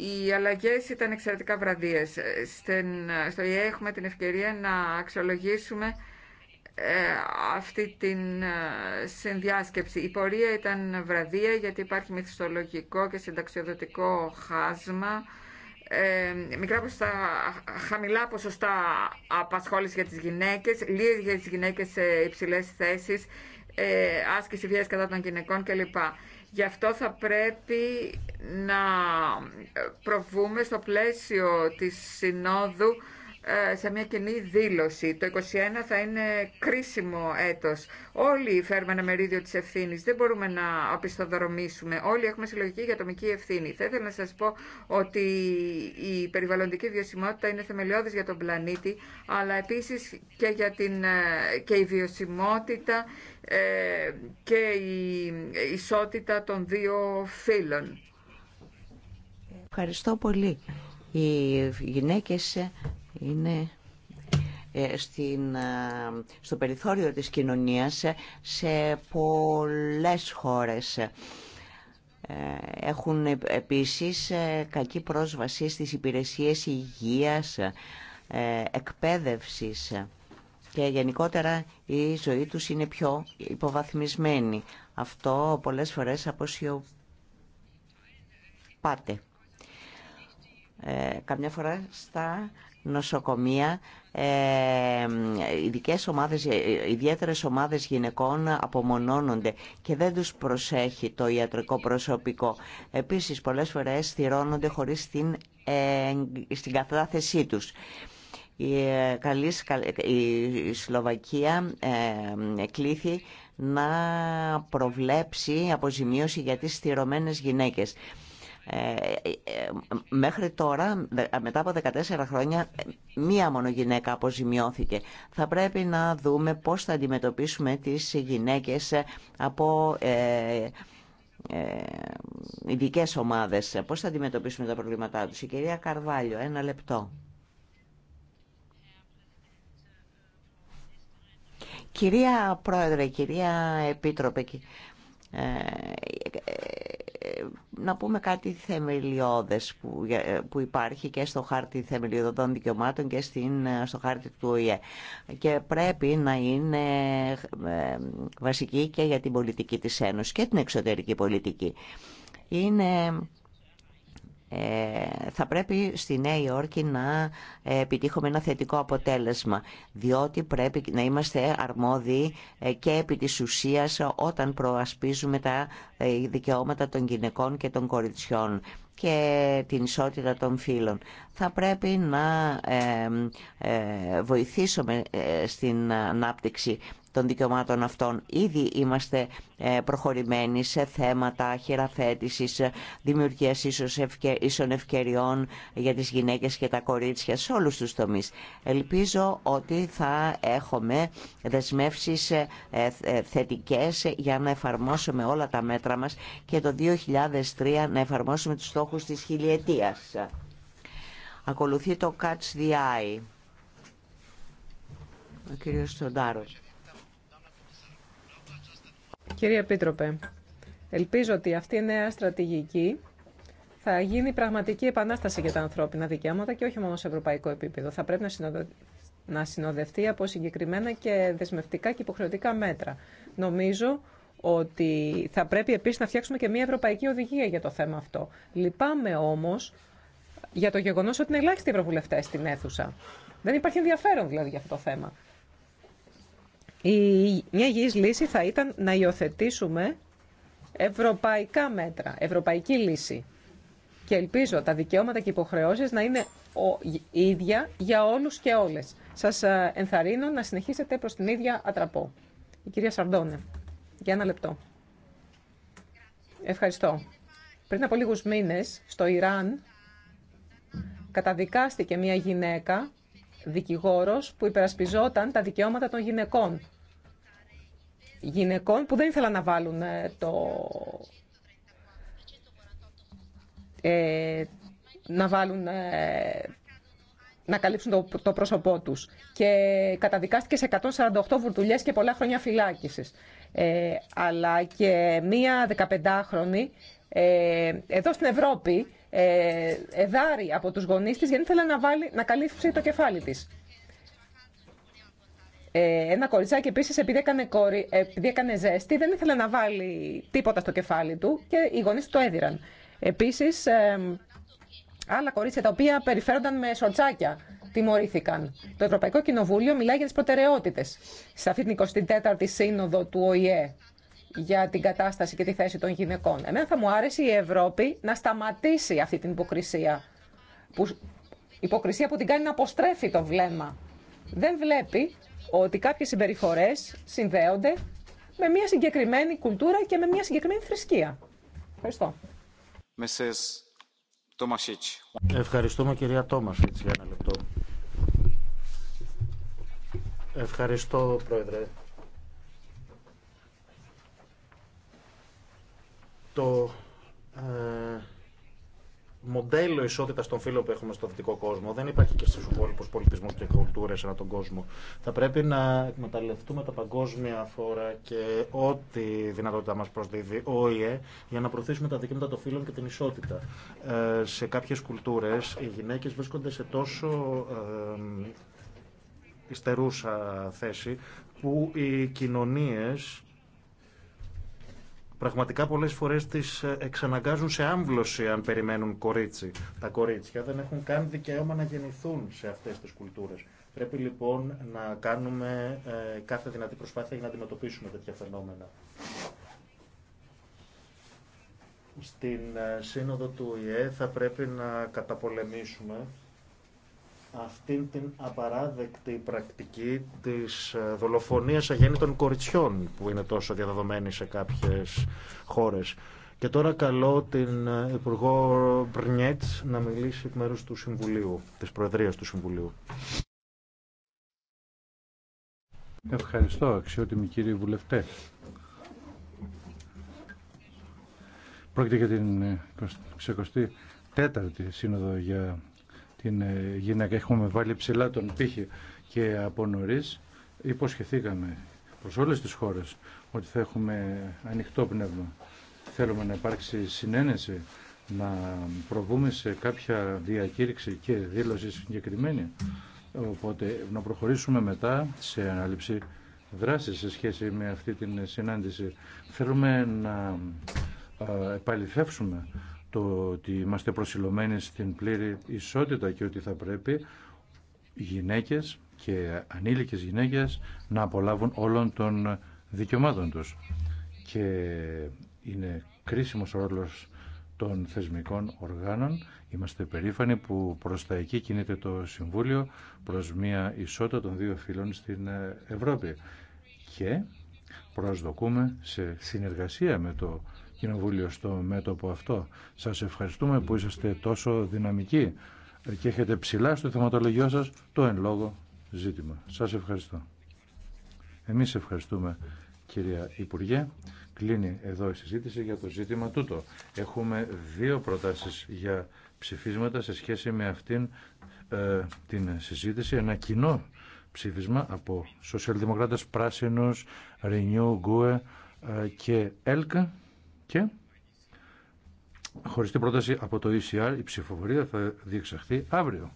Οι αλλαγέ ήταν εξαιρετικά βραδίες. Ε, ε, στο ΙΕ έχουμε την ευκαιρία να αξιολογήσουμε ε, αυτή την συνδιάσκεψη. Η πορεία ήταν βραδία γιατί υπάρχει μυθιστολογικό και συνταξιοδοτικό χάσμα. μικρά ποσοστά, χαμηλά ποσοστά απασχόληση για τις γυναίκες, λίγες για τις γυναίκες σε υψηλές θέσεις ε, άσκηση βίας κατά των γυναικών κλπ. Γι' αυτό θα πρέπει να προβούμε στο πλαίσιο της Συνόδου σε μια κοινή δήλωση. Το 2021 θα είναι κρίσιμο έτος. Όλοι φέρουμε ένα μερίδιο της ευθύνη. Δεν μπορούμε να απιστοδρομήσουμε. Όλοι έχουμε συλλογική για ατομική ευθύνη. Θα ήθελα να σας πω ότι η περιβαλλοντική βιωσιμότητα είναι θεμελιώδης για τον πλανήτη, αλλά επίσης και, για την, και η βιωσιμότητα ε, και η ισότητα των δύο φύλων. Ευχαριστώ πολύ. Οι γυναίκες είναι ε, στην, ε, στο περιθώριο της κοινωνίας ε, σε πολλές χώρες. Έχουν επίσης κακή πρόσβαση στις υπηρεσίες υγείας, εκπαίδευσης και γενικότερα η ζωή τους είναι πιο υποβαθμισμένη. Αυτό πολλές φορές αποσιωπάται. Ε, καμιά φορά στα νοσοκομεία, ε, ειδικέ ομάδες, ε, ιδιαίτερες ομάδες γυναικών απομονώνονται και δεν τους προσέχει το ιατρικό προσωπικό. Επίσης, πολλές φορές θυρώνονται χωρίς την, ε, στην κατάθεσή τους. Η, καλή, η Σλοβακία ε, να προβλέψει αποζημίωση για τις θυρωμένες γυναίκες. Ε, ε, μέχρι τώρα, μετά από 14 χρόνια, μία μόνο γυναίκα αποζημιώθηκε. Θα πρέπει να δούμε πώς θα αντιμετωπίσουμε τις γυναίκες από ε, ειδικέ ομάδες. Πώς θα αντιμετωπίσουμε τα προβλήματά τους. Η κυρία Καρβάλιο, ένα λεπτό. Κυρία Πρόεδρε, κυρία Επίτροπε, να πούμε κάτι θεμελιώδες που, που υπάρχει και στο χάρτη θεμελιωδών δικαιωμάτων και στην, στο χάρτη του ΟΗΕ και πρέπει να είναι ε, βασική και για την πολιτική της Ένωσης και την εξωτερική πολιτική. Είναι ε, θα πρέπει στη Νέα Υόρκη να ε, επιτύχουμε ένα θετικό αποτέλεσμα διότι πρέπει να είμαστε αρμόδιοι ε, και επί της ουσίας όταν προασπίζουμε τα δικαιώματα των γυναικών και των κοριτσιών και την ισότητα των φίλων. Θα πρέπει να βοηθήσουμε στην ανάπτυξη των δικαιωμάτων αυτών. Ήδη είμαστε ε, προχωρημένοι σε θέματα χειραφέτηση, δημιουργίας ίσων ευκαιριών για τις γυναίκες και τα κορίτσια σε όλους τους τομείς. Ελπίζω ότι θα έχουμε δεσμεύσεις ε, ε, θετικές για να εφαρμόσουμε όλα τα μέτρα μας και το 2003 να εφαρμόσουμε τους στόχους της χιλιετίας. Ακολουθεί το Catch the Eye. Ο κύριος Κύριε Επίτροπε, ελπίζω ότι αυτή η νέα στρατηγική θα γίνει πραγματική επανάσταση για τα ανθρώπινα δικαιώματα και όχι μόνο σε ευρωπαϊκό επίπεδο. Θα πρέπει να συνοδευτεί από συγκεκριμένα και δεσμευτικά και υποχρεωτικά μέτρα. Νομίζω ότι θα πρέπει επίσης να φτιάξουμε και μια ευρωπαϊκή οδηγία για το θέμα αυτό. Λυπάμαι όμως για το γεγονός ότι είναι ελάχιστοι ευρωβουλευτές στην αίθουσα. Δεν υπάρχει ενδιαφέρον δηλαδή για αυτό το θέμα μια υγιής λύση θα ήταν να υιοθετήσουμε ευρωπαϊκά μέτρα, ευρωπαϊκή λύση. Και ελπίζω τα δικαιώματα και υποχρεώσεις να είναι η ίδια για όλους και όλες. Σας ε, ενθαρρύνω να συνεχίσετε προς την ίδια ατραπό. Η κυρία Σαρντόνε, για ένα λεπτό. Ευχαριστώ. Πριν από λίγους μήνες, στο Ιράν, καταδικάστηκε μια γυναίκα δικηγόρος που υπερασπιζόταν τα δικαιώματα των γυναικών. Γυναικών που δεν ήθελαν να βάλουν ε, το... Ε, να βάλουν ε, να καλύψουν το, πρόσωπό τους. Και καταδικάστηκε σε 148 βουρτουλιές και πολλά χρόνια φυλάκισης. αλλά και μία 15χρονη εδώ στην Ευρώπη ε, εδάρι από τους γονείς της γιατί ήθελε να, βάλει, να καλύψει το κεφάλι της. Ε, ένα κοριτσάκι επίση, ε, επειδή έκανε, ζέστη δεν ήθελε να βάλει τίποτα στο κεφάλι του και οι γονείς του το έδιραν. Επίσης άλλα κορίτσια τα οποία περιφέρονταν με σορτσάκια τιμωρήθηκαν. Το Ευρωπαϊκό Κοινοβούλιο μιλάει για τις προτεραιότητες σε αυτή την 24η Σύνοδο του ΟΗΕ για την κατάσταση και τη θέση των γυναικών. Εμένα θα μου άρεσε η Ευρώπη να σταματήσει αυτή την υποκρισία. Που, υποκρισία που την κάνει να αποστρέφει το βλέμμα. Δεν βλέπει ότι κάποιες συμπεριφορές συνδέονται με μια συγκεκριμένη κουλτούρα και με μια συγκεκριμένη θρησκεία. Ευχαριστώ. Ευχαριστούμε κυρία Τόμασιτς για ένα λεπτό. Ευχαριστώ πρόεδρε. το ε, μοντέλο ισότητα των φίλων που έχουμε στο δυτικό κόσμο δεν υπάρχει και στου υπόλοιπου πολιτισμού και κουλτούρε ανά τον κόσμο. Θα πρέπει να εκμεταλλευτούμε τα παγκόσμια φόρα και ό,τι δυνατότητα μα προσδίδει ο ΙΕ για να προωθήσουμε τα δικαιώματα των φίλων και την ισότητα. Ε, σε κάποιε κουλτούρε οι γυναίκε βρίσκονται σε τόσο. Ε, θέση που οι κοινωνίες Πραγματικά πολλές φορές τις ε, εξαναγκάζουν σε άμβλωση αν περιμένουν κορίτσι. Τα κορίτσια δεν έχουν καν δικαίωμα να γεννηθούν σε αυτές τις κουλτούρες. Πρέπει λοιπόν να κάνουμε ε, κάθε δυνατή προσπάθεια για να αντιμετωπίσουμε τέτοια φαινόμενα. Στην ε, σύνοδο του ΙΕ θα πρέπει να καταπολεμήσουμε αυτήν την απαράδεκτη πρακτική της ε, δολοφονίας αγέννητων κοριτσιών που είναι τόσο διαδεδομένη σε κάποιες χώρες. Και τώρα καλώ την ε, Υπουργό Μπρνιέτ να μιλήσει εκ μέρους του Συμβουλίου, της Προεδρίας του Συμβουλίου. Ευχαριστώ, αξιότιμοι κύριοι Βουλευτέ. Πρόκειται για την 24 ε, η Σύνοδο για την ε, γυναίκα. Έχουμε βάλει ψηλά τον πύχη και από νωρί υποσχεθήκαμε προς όλες τις χώρες ότι θα έχουμε ανοιχτό πνεύμα. Θέλουμε να υπάρξει συνένεση, να προβούμε σε κάποια διακήρυξη και δήλωση συγκεκριμένη. Οπότε να προχωρήσουμε μετά σε ανάληψη δράση σε σχέση με αυτή την συνάντηση. Θέλουμε να ε, επαληθεύσουμε το ότι είμαστε προσιλωμένοι στην πλήρη ισότητα και ότι θα πρέπει γυναίκες και ανήλικες γυναίκες να απολάβουν όλων των δικαιωμάτων τους. Και είναι κρίσιμος ο ρόλος των θεσμικών οργάνων. Είμαστε περήφανοι που προς τα εκεί κινείται το Συμβούλιο προς μια ισότητα των δύο φύλων στην Ευρώπη. Και προσδοκούμε σε συνεργασία με το Κοινοβούλιο στο μέτωπο αυτό. Σας ευχαριστούμε που είσαστε τόσο δυναμικοί και έχετε ψηλά στο θεματολογιό σας το εν λόγω ζήτημα. Σας ευχαριστώ. Εμείς ευχαριστούμε κυρία Υπουργέ. Κλείνει εδώ η συζήτηση για το ζήτημα τούτο. Έχουμε δύο προτάσεις για ψηφίσματα σε σχέση με αυτήν ε, την συζήτηση. Ένα κοινό ψήφισμα από Σοσιαλδημοκράτες Πράσινους, Renew, Γκουε και ΕΛΚΑ. Και χωρίς την πρόταση από το ECR η ψηφοφορία θα διεξαχθεί αύριο.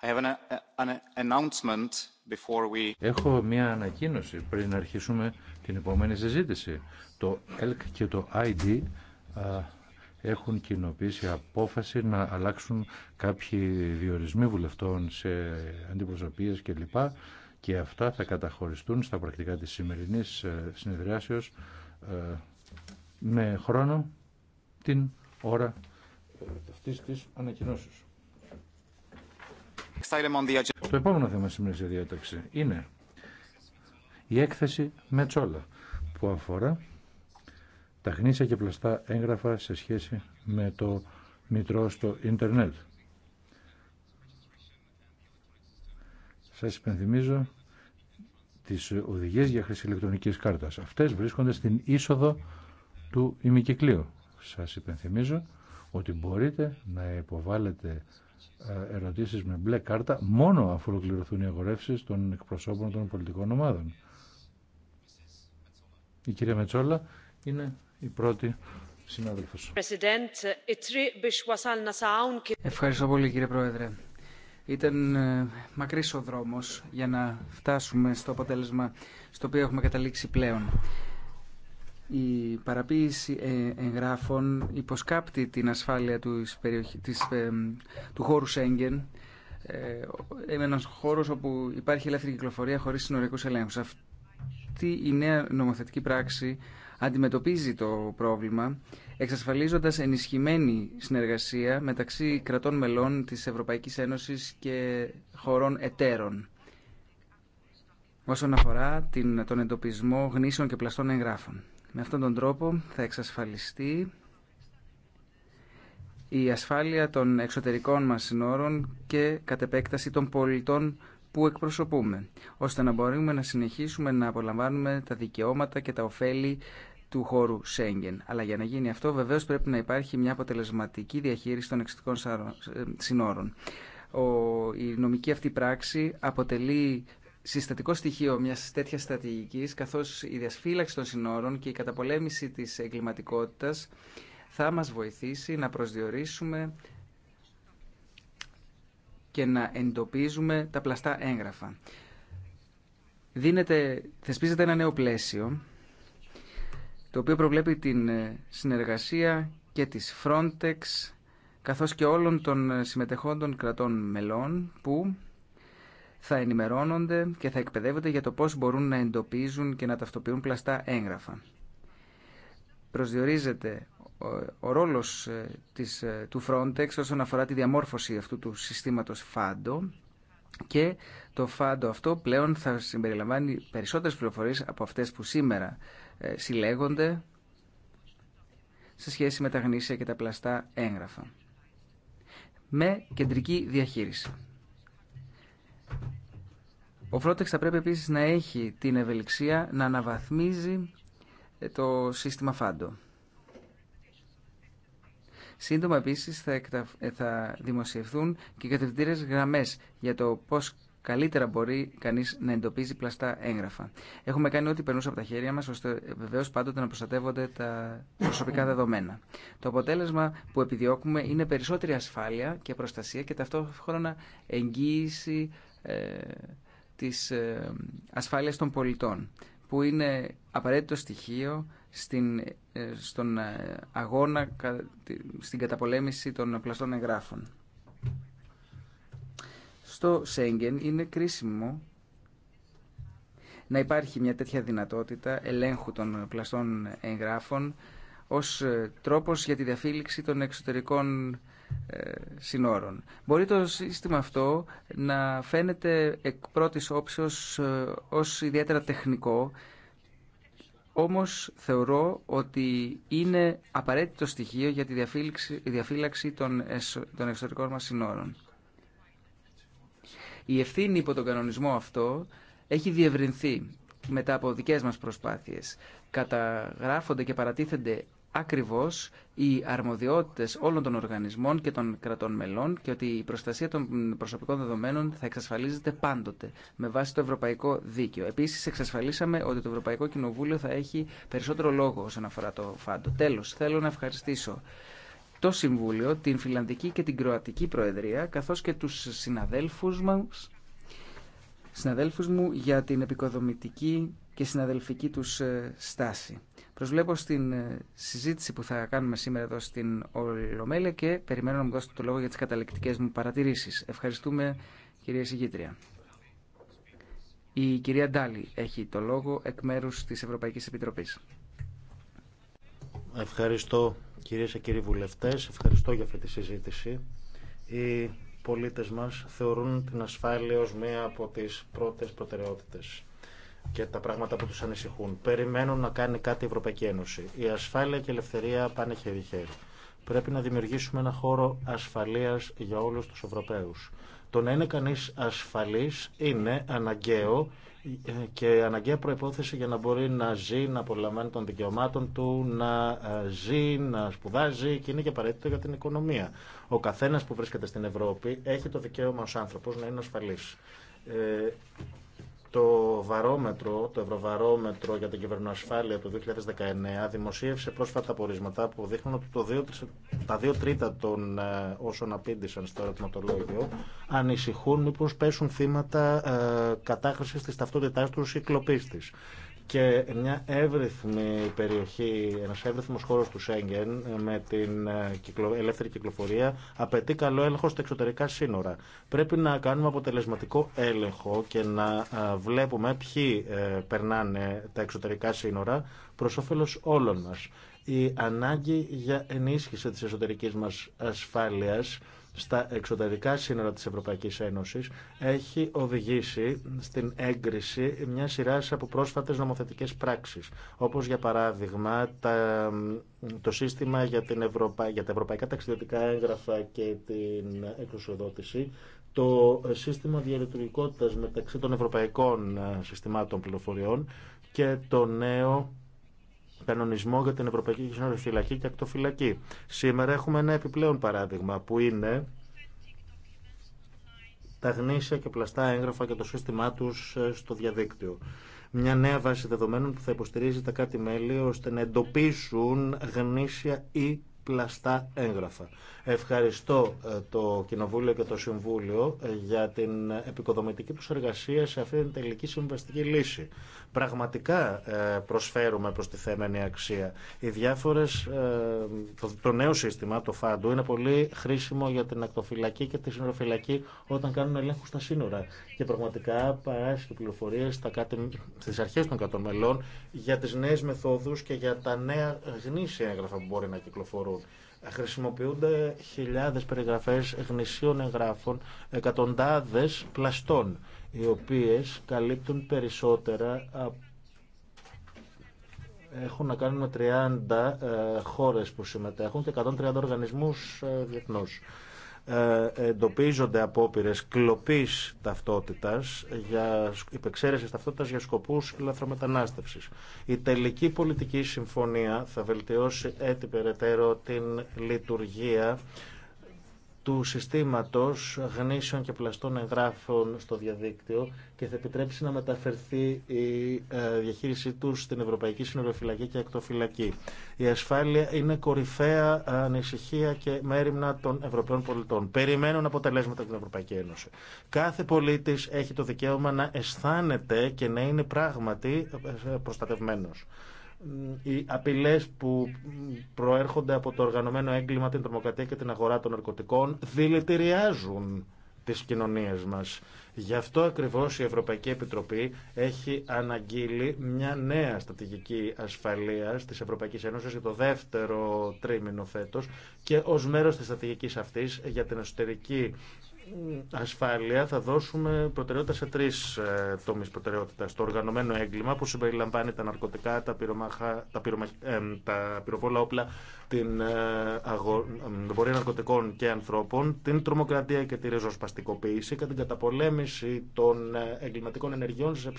I uh, Έχω μία ανακοίνωση πριν αρχίσουμε την επόμενη συζήτηση. Το ΕΛΚ και το ID έχουν κοινοποιήσει απόφαση να αλλάξουν κάποιοι διορισμοί βουλευτών σε αντιπροσωπείες κλπ και αυτά θα καταχωριστούν στα πρακτικά της σημερινής ε, συνεδριάσεως ε, με χρόνο την ώρα ε, αυτής της ανακοινώσεως. Το επόμενο θέμα σήμερα σε διάταξη είναι η έκθεση τσόλα που αφορά τα γνήσια και πλαστά έγγραφα σε σχέση με το μητρό στο ίντερνετ. Σας υπενθυμίζω τις οδηγίες για χρήση ηλεκτρονικής κάρτας. Αυτές βρίσκονται στην είσοδο του ημικυκλίου. Σας υπενθυμίζω ότι μπορείτε να υποβάλλετε ε, ερωτήσεις με μπλε κάρτα μόνο αφού ολοκληρωθούν οι αγορεύσεις των εκπροσώπων των πολιτικών ομάδων. Η κυρία Μετσόλα είναι η πρώτη συνάδελφος. Ευχαριστώ πολύ κύριε Πρόεδρε. Ήταν ε, μακρύς ο δρόμος για να φτάσουμε στο αποτέλεσμα στο οποίο έχουμε καταλήξει πλέον. Η παραποίηση ε, εγγράφων υποσκάπτει την ασφάλεια ε, του χώρου Σέγγεν, ένας χώρο όπου υπάρχει ελεύθερη κυκλοφορία χωρίς συνοριακούς ελέγχους. Αυτή η νέα νομοθετική πράξη αντιμετωπίζει το πρόβλημα, εξασφαλίζοντας ενισχυμένη συνεργασία μεταξύ κρατών μελών της Ευρωπαϊκής Ένωσης και χωρών εταίρων όσον αφορά την, τον εντοπισμό γνήσεων και πλαστών εγγράφων. Με αυτόν τον τρόπο θα εξασφαλιστεί η ασφάλεια των εξωτερικών μας συνόρων και κατ' επέκταση των πολιτών που εκπροσωπούμε, ώστε να μπορούμε να συνεχίσουμε να απολαμβάνουμε τα δικαιώματα και τα ωφέλη του χώρου Σέγγεν. Αλλά για να γίνει αυτό βεβαίως πρέπει να υπάρχει μια αποτελεσματική διαχείριση των εξωτικών ε, συνόρων. η νομική αυτή πράξη αποτελεί συστατικό στοιχείο μια τέτοια στρατηγική, καθώ η διασφύλαξη των συνόρων και η καταπολέμηση τη εγκληματικότητα θα μα βοηθήσει να προσδιορίσουμε και να εντοπίζουμε τα πλαστά έγγραφα. θεσπίζεται ένα νέο πλαίσιο το οποίο προβλέπει την ε, συνεργασία και της Frontex καθώς και όλων των ε, συμμετεχόντων κρατών μελών που θα ενημερώνονται και θα εκπαιδεύονται για το πώς μπορούν να εντοπίζουν και να ταυτοποιούν πλαστά έγγραφα. Προσδιορίζεται ο ρόλος ε, της, του Frontex όσον αφορά τη διαμόρφωση αυτού του συστήματος FADO και το φάντο αυτό πλέον θα συμπεριλαμβάνει περισσότερες πληροφορίες από αυτές που σήμερα ε, συλλέγονται σε σχέση με τα γνήσια και τα πλαστά έγγραφα. Με κεντρική διαχείριση. Ο Frontex θα πρέπει επίσης να έχει την ευελιξία να αναβαθμίζει ε, το σύστημα Φάντο. Σύντομα επίσης θα, ε, δημοσιευθούν και κατευθυντήρες γραμμές για το πώς καλύτερα μπορεί κανεί να εντοπίζει πλαστά έγγραφα. Έχουμε κάνει ό,τι περνούσε από τα χέρια μα, ώστε βεβαίω πάντοτε να προστατεύονται τα προσωπικά δεδομένα. Το αποτέλεσμα που επιδιώκουμε είναι περισσότερη ασφάλεια και προστασία και ταυτόχρονα εγγύηση ε, της ε, ασφάλειας των πολιτών, που είναι απαραίτητο στοιχείο στην, ε, στον ε, αγώνα, στην καταπολέμηση των πλαστών εγγράφων στο Σέγγεν είναι κρίσιμο να υπάρχει μια τέτοια δυνατότητα ελέγχου των πλαστών εγγράφων ως ε, τρόπος για τη διαφύλιξη των εξωτερικών ε, συνόρων. Μπορεί το σύστημα αυτό να φαίνεται εκ πρώτης όψεως ε, ως ιδιαίτερα τεχνικό, όμως θεωρώ ότι είναι απαραίτητο στοιχείο για τη διαφύλαξη των εξωτερικών μας συνόρων. Η ευθύνη υπό τον κανονισμό αυτό έχει διευρυνθεί μετά από δικές μας προσπάθειες. Καταγράφονται και παρατίθενται ακριβώς οι αρμοδιότητες όλων των οργανισμών και των κρατών μελών και ότι η προστασία των προσωπικών δεδομένων θα εξασφαλίζεται πάντοτε με βάση το ευρωπαϊκό δίκαιο. Επίσης εξασφαλίσαμε ότι το Ευρωπαϊκό Κοινοβούλιο θα έχει περισσότερο λόγο όσον αφορά το φάντο. Τέλος, θέλω να ευχαριστήσω το Συμβούλιο, την Φιλανδική και την Κροατική Προεδρία, καθώς και τους συναδέλφους μας, συναδέλφους μου για την επικοδομητική και συναδελφική τους ε, στάση. Προσβλέπω στην ε, συζήτηση που θα κάνουμε σήμερα εδώ στην Ολομέλεια και περιμένω να μου δώσετε το λόγο για τις καταληκτικές μου παρατηρήσεις. Ευχαριστούμε κυρία Συγγήτρια. Η κυρία Ντάλη έχει το λόγο εκ μέρους της Ευρωπαϊκής Επιτροπής. Ευχαριστώ κυρίες και κύριοι βουλευτές, ευχαριστώ για αυτή τη συζήτηση. Οι πολίτες μας θεωρούν την ασφάλεια ως μία από τις πρώτες προτεραιότητες και τα πράγματα που τους ανησυχούν. Περιμένουν να κάνει κάτι η Ευρωπαϊκή Ένωση. Η ασφάλεια και η ελευθερία πάνε χέρι-χέρι. Πρέπει να δημιουργήσουμε ένα χώρο ασφαλείας για όλους τους Ευρωπαίους. Το να είναι κανείς ασφαλής είναι αναγκαίο και αναγκαία προϋπόθεση για να μπορεί να ζει, να απολαμβάνει των δικαιωμάτων του, να ε, ζει, να σπουδάζει και είναι και απαραίτητο για την οικονομία. Ο καθένας που βρίσκεται στην Ευρώπη έχει το δικαίωμα ως άνθρωπος να είναι ασφαλής. Ε, το βαρόμετρο, το ευρωβαρόμετρο για την κυβερνοασφάλεια του 2019 δημοσίευσε πρόσφατα απορίσματα που δείχνουν ότι το 2, τα δύο τρίτα των ε, όσων απήντησαν στο ερωτηματολόγιο ανησυχούν μήπως πέσουν θύματα ε, κατάχρησης της ταυτότητάς τους ή κλοπής της και μια εύρυθμη περιοχή, ένα εύρυθμο χώρο του Σέγγεν με την ε, ελεύθερη κυκλοφορία απαιτεί καλό έλεγχο στα εξωτερικά σύνορα. Πρέπει να κάνουμε αποτελεσματικό έλεγχο και να ε, βλέπουμε ποιοι ε, περνάνε τα εξωτερικά σύνορα προ όφελο όλων μα. Η ανάγκη για ενίσχυση τη εσωτερική μας ασφάλεια στα εξωτερικά σύνορα της Ευρωπαϊκής Ένωσης έχει οδηγήσει στην έγκριση μια σειρά από πρόσφατες νομοθετικές πράξεις, όπως για παράδειγμα τα, το σύστημα για, την Ευρωπα... για τα ευρωπαϊκά ταξιδιωτικά έγγραφα και την εξουσιοδότηση, το σύστημα διαλειτουργικότητας μεταξύ των ευρωπαϊκών ε, συστημάτων πληροφοριών και το νέο κανονισμό για την Ευρωπαϊκή Φυλακή και Ακτοφυλακή. Σήμερα έχουμε ένα επιπλέον παράδειγμα που είναι τα γνήσια και πλαστά έγγραφα και το σύστημά τους ε, στο διαδίκτυο. Μια νέα βάση δεδομένων που θα υποστηρίζει τα κάτι μέλη ώστε να εντοπίσουν γνήσια ή πλαστά έγγραφα. Ευχαριστώ ε, το Κοινοβούλιο και το Συμβούλιο ε, για την επικοδομητική τους εργασία σε αυτή την τελική συμβαστική λύση πραγματικά ε, προσφέρουμε θέμενη αξία. Οι διάφορες, ε, το, νέο σύστημα, το ΦΑΝΤΟ, είναι πολύ χρήσιμο για την ακτοφυλακή και τη συνοροφυλακή όταν κάνουν ελέγχου στα σύνορα. Και πραγματικά παράσχει πληροφορίε στι αρχέ των κρατών μελών για τι νέε μεθόδου και για τα νέα γνήσια έγγραφα που μπορεί να κυκλοφορούν χρησιμοποιούνται χιλιάδες περιγραφές γνησίων εγγράφων, εκατοντάδες πλαστών οι οποίες καλύπτουν περισσότερα έχουν να κάνουν με 30 ε, χώρες που συμμετέχουν και 130 οργανισμούς ε, διεθνώς. Ε, εντοπίζονται απόπειρε κλοπής ταυτότητας για υπεξαίρεσης ταυτότητας για σκοπούς λαθρομετανάστευσης. Η τελική πολιτική συμφωνία θα βελτιώσει έτσι περαιτέρω την λειτουργία του συστήματος γνήσεων και πλαστών εγγράφων στο διαδίκτυο και θα επιτρέψει να μεταφερθεί η ε, διαχείρισή του στην Ευρωπαϊκή Συνοριοφυλακή και Ακτοφυλακή. Η ασφάλεια είναι κορυφαία ανησυχία και μέρημνα των Ευρωπαίων πολιτών. Περιμένουν αποτελέσματα από την Ευρωπαϊκή Ένωση. Κάθε πολίτης έχει το δικαίωμα να αισθάνεται και να είναι πράγματι ε, προστατευμένος οι απειλέ που προέρχονται από το οργανωμένο έγκλημα, την τρομοκρατία και την αγορά των ναρκωτικών δηλητηριάζουν τι κοινωνίε μας. Γι' αυτό ακριβώ η Ευρωπαϊκή Επιτροπή έχει αναγγείλει μια νέα στρατηγική ασφαλείας της Ευρωπαϊκή Ένωση, για το δεύτερο τρίμηνο φέτο, και ως μέρος της στρατηγικής αυτής για την εσωτερική ασφάλεια θα δώσουμε προτεραιότητα σε τρει ε, τομεί προτεραιότητα. Το οργανωμένο έγκλημα που συμπεριλαμβάνει τα ναρκωτικά, τα, πυρομαχα, τα, πυρομαχ, ε, τα πυροβόλα όπλα την ε, αγο... πορεία ναρκωτικών και ανθρώπων, την τρομοκρατία και τη ριζοσπαστικοποίηση και την καταπολέμηση των ε, εγκληματικών ενεργειών στην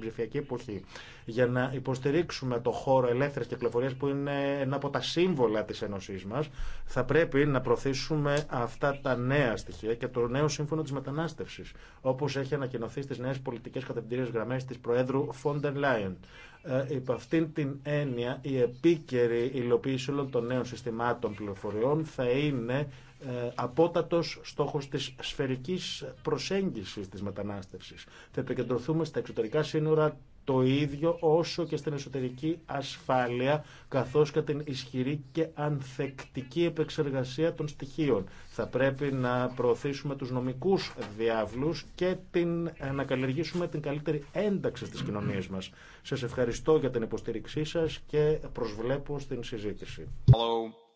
ψηφιακή εποχή. Για να υποστηρίξουμε το χώρο ελεύθερη κυκλοφορία που είναι ένα από τα σύμβολα τη Ένωσή μα, θα πρέπει να προωθήσουμε αυτά τα νέα στοιχεία και το νέο σύμφωνο τη μετανάστευση, όπω έχει ανακοινωθεί στι νέε πολιτικέ κατευθυντήριε γραμμέ τη Προέδρου Φόντερ Λάιεν. Ε, υπ' αυτήν την έννοια η επίκαιρη υλοποίηση όλων των νέων συστημάτων πληροφοριών θα είναι ε, απότατος στόχος της σφαιρικής προσέγγισης της μετανάστευσης. Θα επικεντρωθούμε στα εξωτερικά σύνορα το ίδιο όσο και στην εσωτερική ασφάλεια, καθώς και την ισχυρή και ανθεκτική επεξεργασία των στοιχείων. Θα πρέπει να προωθήσουμε τους νομικούς διάβλους και την, ε, να καλλιεργήσουμε την καλύτερη ένταξη στις κοινωνίες μας. Σας ευχαριστώ για την υποστήριξή σας και προσβλέπω στην συζήτηση.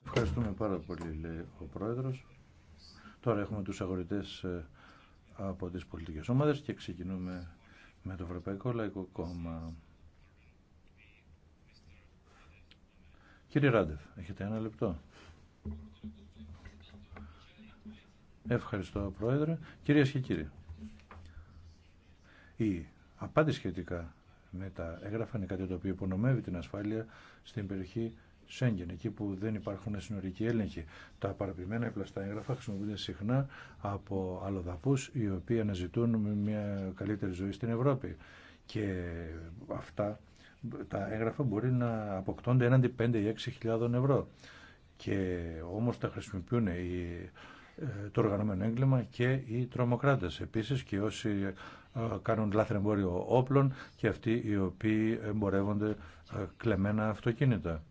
Ευχαριστούμε πάρα πολύ, λέει ο Πρόεδρος. Τώρα έχουμε τους αγορητές ε, από τις πολιτικές ομάδες και ξεκινούμε με το Ευρωπαϊκό Λαϊκό Κόμμα. Κύριε Ράντεφ, έχετε ένα λεπτό. Ευχαριστώ, Πρόεδρε. Κυρίες και κύριοι, η απάντηση σχετικά με τα έγγραφα είναι κάτι το οποίο υπονομεύει την ασφάλεια στην περιοχή Σέγγεν, εκεί που δεν υπάρχουν συνορικοί έλεγχοι. Τα παραπημένα πλαστά έγγραφα χρησιμοποιούνται συχνά από αλλοδαπού οι οποίοι αναζητούν μια καλύτερη ζωή στην Ευρώπη. Και αυτά τα έγγραφα μπορεί να αποκτώνται έναντι 5 ή 6 ευρώ. Και όμως τα χρησιμοποιούν οι, ε, το οργανωμένο έγκλημα και οι τρομοκράτε. Επίση, και όσοι ε, κάνουν εμπόριο όπλων και αυτοί οι οποίοι εμπορεύονται ε, κλεμμένα αυτοκίνητα.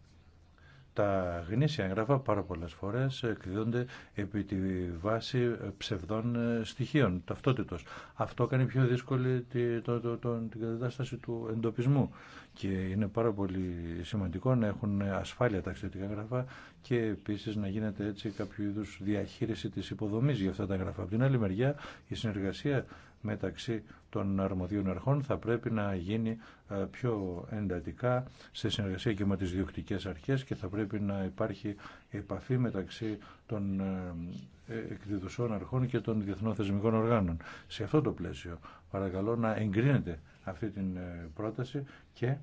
Τα γνήσια έγγραφα πάρα πολλές φορές εκδίδονται επί τη βάση ψευδών ε, στοιχείων, ταυτότητος. Αυτό κάνει πιο δύσκολη την κατάσταση του εντοπισμού και είναι πάρα πολύ σημαντικό να έχουν ασφάλεια τα αξιωτικά έγγραφα και επίσης να γίνεται έτσι κάποιο είδους διαχείριση της υποδομής για αυτά τα έγγραφα. Από την άλλη μεριά η συνεργασία μεταξύ των αρμοδίων αρχών θα πρέπει να γίνει ε, πιο εντατικά σε συνεργασία και με τις διοκτικές αρχές και θα πρέπει να υπάρχει επαφή μεταξύ των ε, ε, εκδιδουσών αρχών και των διεθνών θεσμικών οργάνων. Σε αυτό το πλαίσιο παρακαλώ να εγκρίνετε αυτή την πρόταση και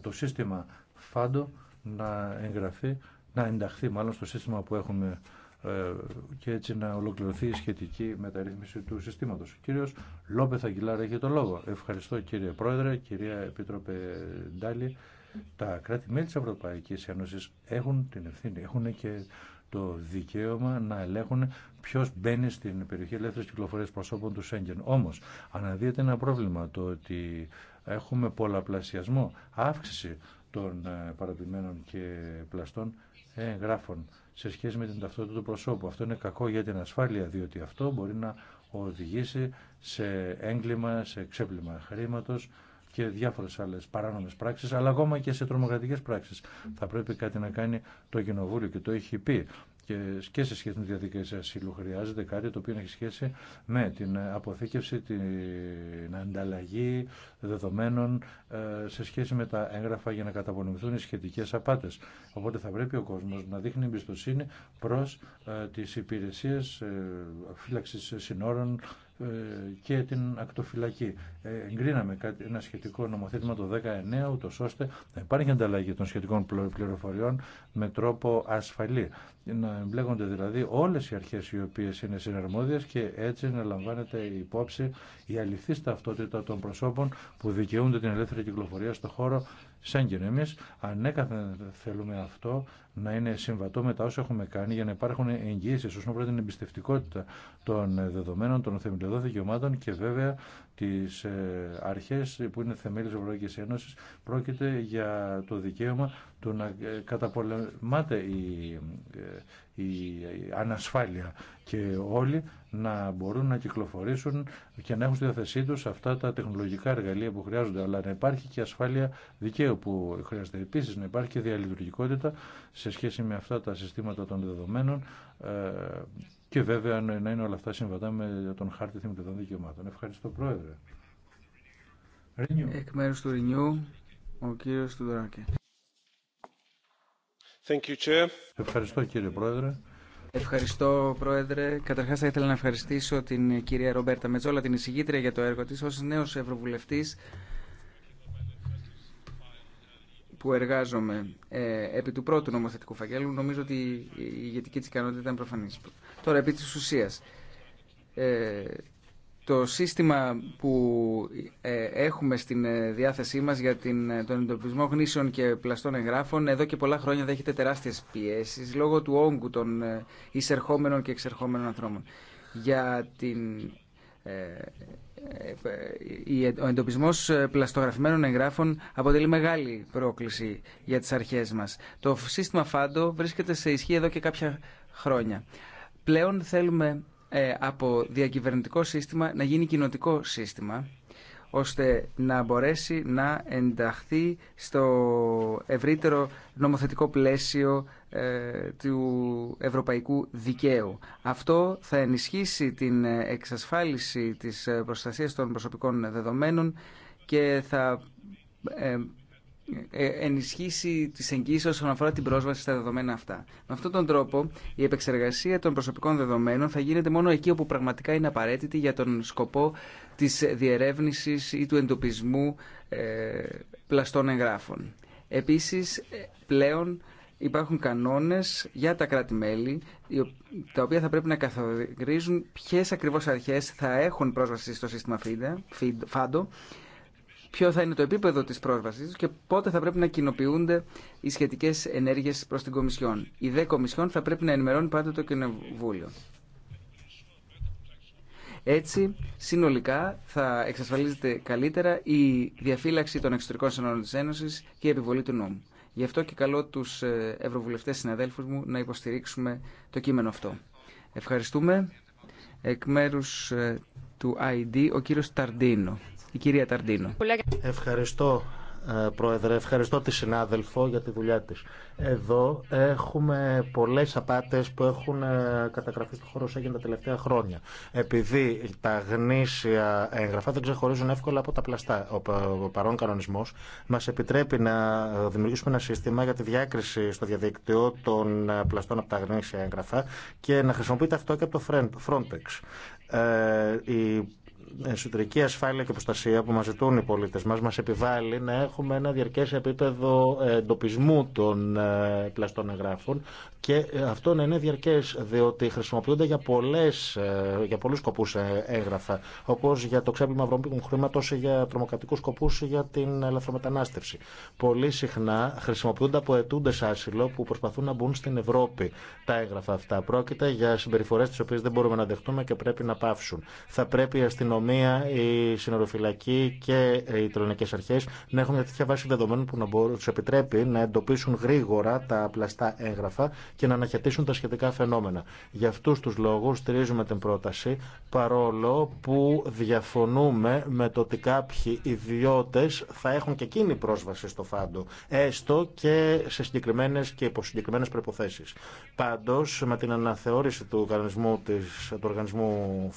το σύστημα φάντο να εγγραφεί, να ενταχθεί μάλλον στο σύστημα που έχουμε ε, και έτσι να ολοκληρωθεί η σχετική μεταρρύθμιση του συστήματος. Ο κύριος Λόπεθ Αγγιλάρα έχει το λόγο. Ευχαριστώ κύριε Πρόεδρε, κυρία Επίτροπε Ντάλη. Τα κράτη-μέλη της Ευρωπαϊκής Ένωσης έχουν την ευθύνη, έχουν και το δικαίωμα να ελέγχουν ποιο μπαίνει στην περιοχή ελεύθερη κυκλοφορία προσώπων του Σέγγεν. Όμω, αναδύεται ένα πρόβλημα το ότι έχουμε πολλαπλασιασμό, αύξηση των ε, παρατημένων και πλαστών εγγράφων σε σχέση με την ταυτότητα του προσώπου. Αυτό είναι κακό για την ασφάλεια, διότι αυτό μπορεί να οδηγήσει σε έγκλημα, σε ξέπλυμα χρήματο και διάφορες άλλες παράνομες πράξεις, αλλά ακόμα και σε τρομοκρατικές πράξεις. Θα πρέπει κάτι να κάνει το Κοινοβούλιο και το έχει πει και σε σχέση με τη διαδικασία ασύλου χρειάζεται κάτι το οποίο έχει σχέση με την αποθήκευση, την ανταλλαγή δεδομένων ε, σε σχέση με τα έγγραφα για να καταπονηθούν οι σχετικές απάτες. Οπότε θα πρέπει ο κόσμος να δείχνει εμπιστοσύνη προς ε, τις υπηρεσίες ε, φύλαξης συνόρων, ε, και την ακτοφυλακή. Ε, εγκρίναμε ένα σχετικό νομοθέτημα το 19, ούτως ώστε να υπάρχει ανταλλαγή των σχετικών πληροφοριών με τρόπο ασφαλή. Να εμπλέγονται δηλαδή όλες οι αρχές οι οποίες είναι συναρμόδιες και έτσι να λαμβάνεται υπόψη η αληθή ταυτότητα των προσώπων που δικαιούνται την ελεύθερη κυκλοφορία στο χώρο Σέγγεν. Εμείς ανέκαθεν θέλουμε αυτό να είναι συμβατό με τα όσα έχουμε κάνει για να υπάρχουν εγγύησει όσον αφορά την εμπιστευτικότητα των δεδομένων, των θεμελιωδών δικαιωμάτων και βέβαια τι ε, αρχέ που είναι θεμέλιε τη Ευρωπαϊκή Ένωση. Πρόκειται για το δικαίωμα του να ε, καταπολεμάται ε, η, η ανασφάλεια και όλοι να μπορούν να κυκλοφορήσουν και να έχουν στη διάθεσή του αυτά τα τεχνολογικά εργαλεία που χρειάζονται. Αλλά να υπάρχει και ασφάλεια δικαίου που χρειάζεται. Επίση, να υπάρχει και διαλειτουργικότητα σε σε σχέση με αυτά τα συστήματα των δεδομένων ε, και βέβαια να είναι όλα αυτά συμβατά με τον χάρτη των δικαιωμάτων. Ευχαριστώ Πρόεδρε. Εκ μέρους του Ρινιού, ο κύριος chair. Ευχαριστώ κύριε Πρόεδρε. Ευχαριστώ, Πρόεδρε. Καταρχά, θα ήθελα να ευχαριστήσω την κυρία Ρομπέρτα Μετζόλα, την εισηγήτρια, για το έργο τη. Ω νέο Ευρωβουλευτή, που εργάζομαι ε, επί του πρώτου νομοθετικού φακέλου, νομίζω ότι η ηγετική της ικανότητα ήταν προφανής. Τώρα, επί της ουσίας, ε, το σύστημα που ε, έχουμε στην διάθεσή μας για την, τον εντοπισμό γνήσεων και πλαστών εγγράφων εδώ και πολλά χρόνια δέχεται τεράστιες πιέσεις λόγω του όγκου των εισερχόμενων και εξερχόμενων ανθρώπων. Για την ε, ε, ε, ο εντοπισμός πλαστογραφημένων εγγράφων αποτελεί μεγάλη πρόκληση για τις αρχές μας. Το σύστημα Φάντο βρίσκεται σε ισχύ εδώ και κάποια χρόνια. Πλέον θέλουμε από διακυβερνητικό σύστημα να γίνει κοινοτικό σύστημα ώστε να μπορέσει να ενταχθεί στο ευρύτερο νομοθετικό πλαίσιο ε, του ευρωπαϊκού δικαίου. Αυτό θα ενισχύσει την εξασφάλιση της προστασίας των προσωπικών δεδομένων και θα ε, ε, ενισχύσει τις εγγύσεις όσον αφορά την πρόσβαση στα δεδομένα αυτά. Με αυτόν τον τρόπο η επεξεργασία των προσωπικών δεδομένων θα γίνεται μόνο εκεί όπου πραγματικά είναι απαραίτητη για τον σκοπό της διερεύνησης ή του εντοπισμού πλαστών εγγράφων. Επίσης πλέον υπάρχουν κανόνες για τα κράτη-μέλη, τα οποία θα πρέπει να καθορίζουν ποιες ακριβώς αρχές θα έχουν πρόσβαση στο σύστημα ΦΑΝΤΟ, ποιο θα είναι το επίπεδο της πρόσβασης και πότε θα πρέπει να κοινοποιούνται οι σχετικές ενέργειες προς την Κομισιόν. Η ΔΕ Κομισιόν θα πρέπει να ενημερώνει πάντα το Κοινοβούλιο. Έτσι, συνολικά θα εξασφαλίζεται καλύτερα η διαφύλαξη των εξωτερικών συνόρων της Ένωσης και η επιβολή του νόμου. Γι' αυτό και καλώ τους ε, ευρωβουλευτές συναδέλφου μου να υποστηρίξουμε το κείμενο αυτό. Ευχαριστούμε. Εκ μέρου ε, του ID, ο κύριος Ταρντίνο. Η κυρία Ταρντίνο. Ευχαριστώ ε, πρόεδρε. Ευχαριστώ τη συνάδελφο για τη δουλειά της. Εδώ έχουμε πολλές απάτες που έχουν ε, καταγραφεί στο χώρο Σέγγεν τα τελευταία χρόνια. Επειδή τα γνήσια έγγραφα δεν ξεχωρίζουν εύκολα από τα πλαστά. Ο παρόν κανονισμός μας επιτρέπει να δημιουργήσουμε ένα σύστημα για τη διάκριση στο διαδίκτυο των ε, πλαστών από τα γνήσια έγγραφα και να χρησιμοποιείται αυτό και από το Frontex. Η εσωτερική ασφάλεια και προστασία που μας ζητούν οι πολίτες μας μας επιβάλλει να έχουμε ένα διαρκές επίπεδο εντοπισμού των ε, πλαστών εγγράφων και αυτό να είναι διαρκές διότι χρησιμοποιούνται για, πολλές, ε, για πολλούς σκοπούς ε, έγγραφα όπως για το ξέπλυμα βρώμικου χρήματος ή για τρομοκρατικούς σκοπούς ή για την ελαφρομετανάστευση. Πολύ συχνά χρησιμοποιούνται από ετούντες άσυλο που προσπαθούν να μπουν στην Ευρώπη τα έγγραφα αυτά. Πρόκειται για συμπεριφορές τις οποίες δεν μπορούμε να δεχτούμε και πρέπει να πάυσουν. Θα πρέπει η αστυνομία αστυνομία, η συνοροφυλακή και οι τρονικέ αρχέ να έχουν μια τέτοια βάση δεδομένων που να του επιτρέπει να εντοπίσουν γρήγορα τα πλαστά έγγραφα και να αναχαιτήσουν τα σχετικά φαινόμενα. Για αυτού του λόγου στηρίζουμε την πρόταση, παρόλο που διαφωνούμε με το ότι κάποιοι ιδιώτε θα έχουν και εκείνη πρόσβαση στο φάντο, έστω και σε συγκεκριμένε και υπό συγκεκριμένε προποθέσει. Πάντω, με την αναθεώρηση του, οργανισμού, της, του οργανισμού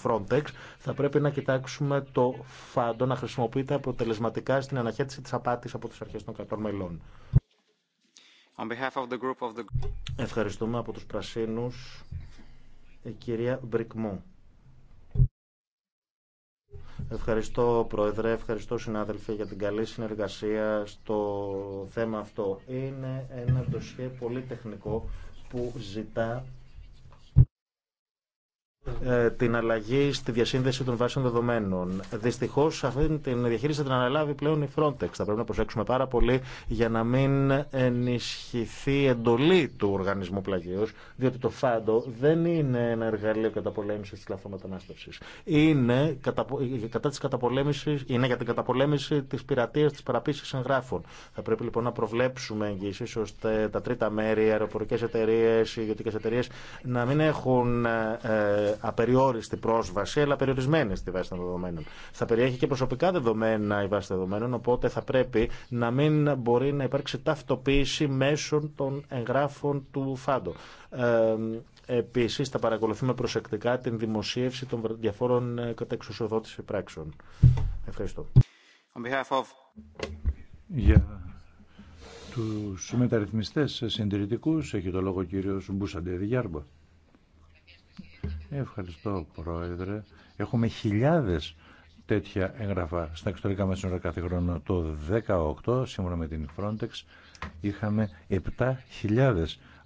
Frontex, θα πρέπει να κοιτάξουμε το φάντο να χρησιμοποιείται αποτελεσματικά στην αναχέτηση της απάτης από τις αρχές των κρατών μελών. the Ευχαριστούμε από τους Πρασίνους η κυρία Μπρικμό. Ευχαριστώ Πρόεδρε, ευχαριστώ συνάδελφοι για την καλή συνεργασία στο θέμα αυτό. Είναι ένα ντοσχέ πολύ τεχνικό που ζητά ε, την αλλαγή στη διασύνδεση των βάσεων δεδομένων. Δυστυχώ αυτή την διαχείριση την αναλάβει πλέον η Frontex. Θα πρέπει να προσέξουμε πάρα πολύ για να μην ενισχυθεί η εντολή του οργανισμού πλαγίου, διότι το ΦΑΝΤΟ δεν είναι ένα εργαλείο καταπολέμηση τη λαθρομετανάστευση. Είναι, κατα... κατά της είναι για την καταπολέμηση τη πειρατεία τη παραπίση εγγράφων. Θα πρέπει λοιπόν να προβλέψουμε εγγύσει ώστε τα τρίτα μέρη, αεροπορικέ εταιρείε, ιδιωτικέ εταιρείε να μην έχουν ε, απεριόριστη πρόσβαση, αλλά περιορισμένη στη βάση των δεδομένων. Θα περιέχει και προσωπικά δεδομένα η βάση δεδομένων, οπότε θα πρέπει να μην μπορεί να υπάρξει ταυτοποίηση μέσω των εγγράφων του Φάντο. Ε, επίσης, θα παρακολουθούμε προσεκτικά την δημοσίευση των διαφόρων ε, κατεξουσιοδότηση πράξεων. Ευχαριστώ. Για τους μεταρρυθμιστές συντηρητικούς έχει το λόγο ο κύριος Μπούσαντε Ευχαριστώ, Πρόεδρε. Έχουμε χιλιάδες τέτοια έγγραφα στα εξωτερικά μας σύνορα κάθε χρόνο. Το 18, σύμφωνα με την Frontex, είχαμε 7.000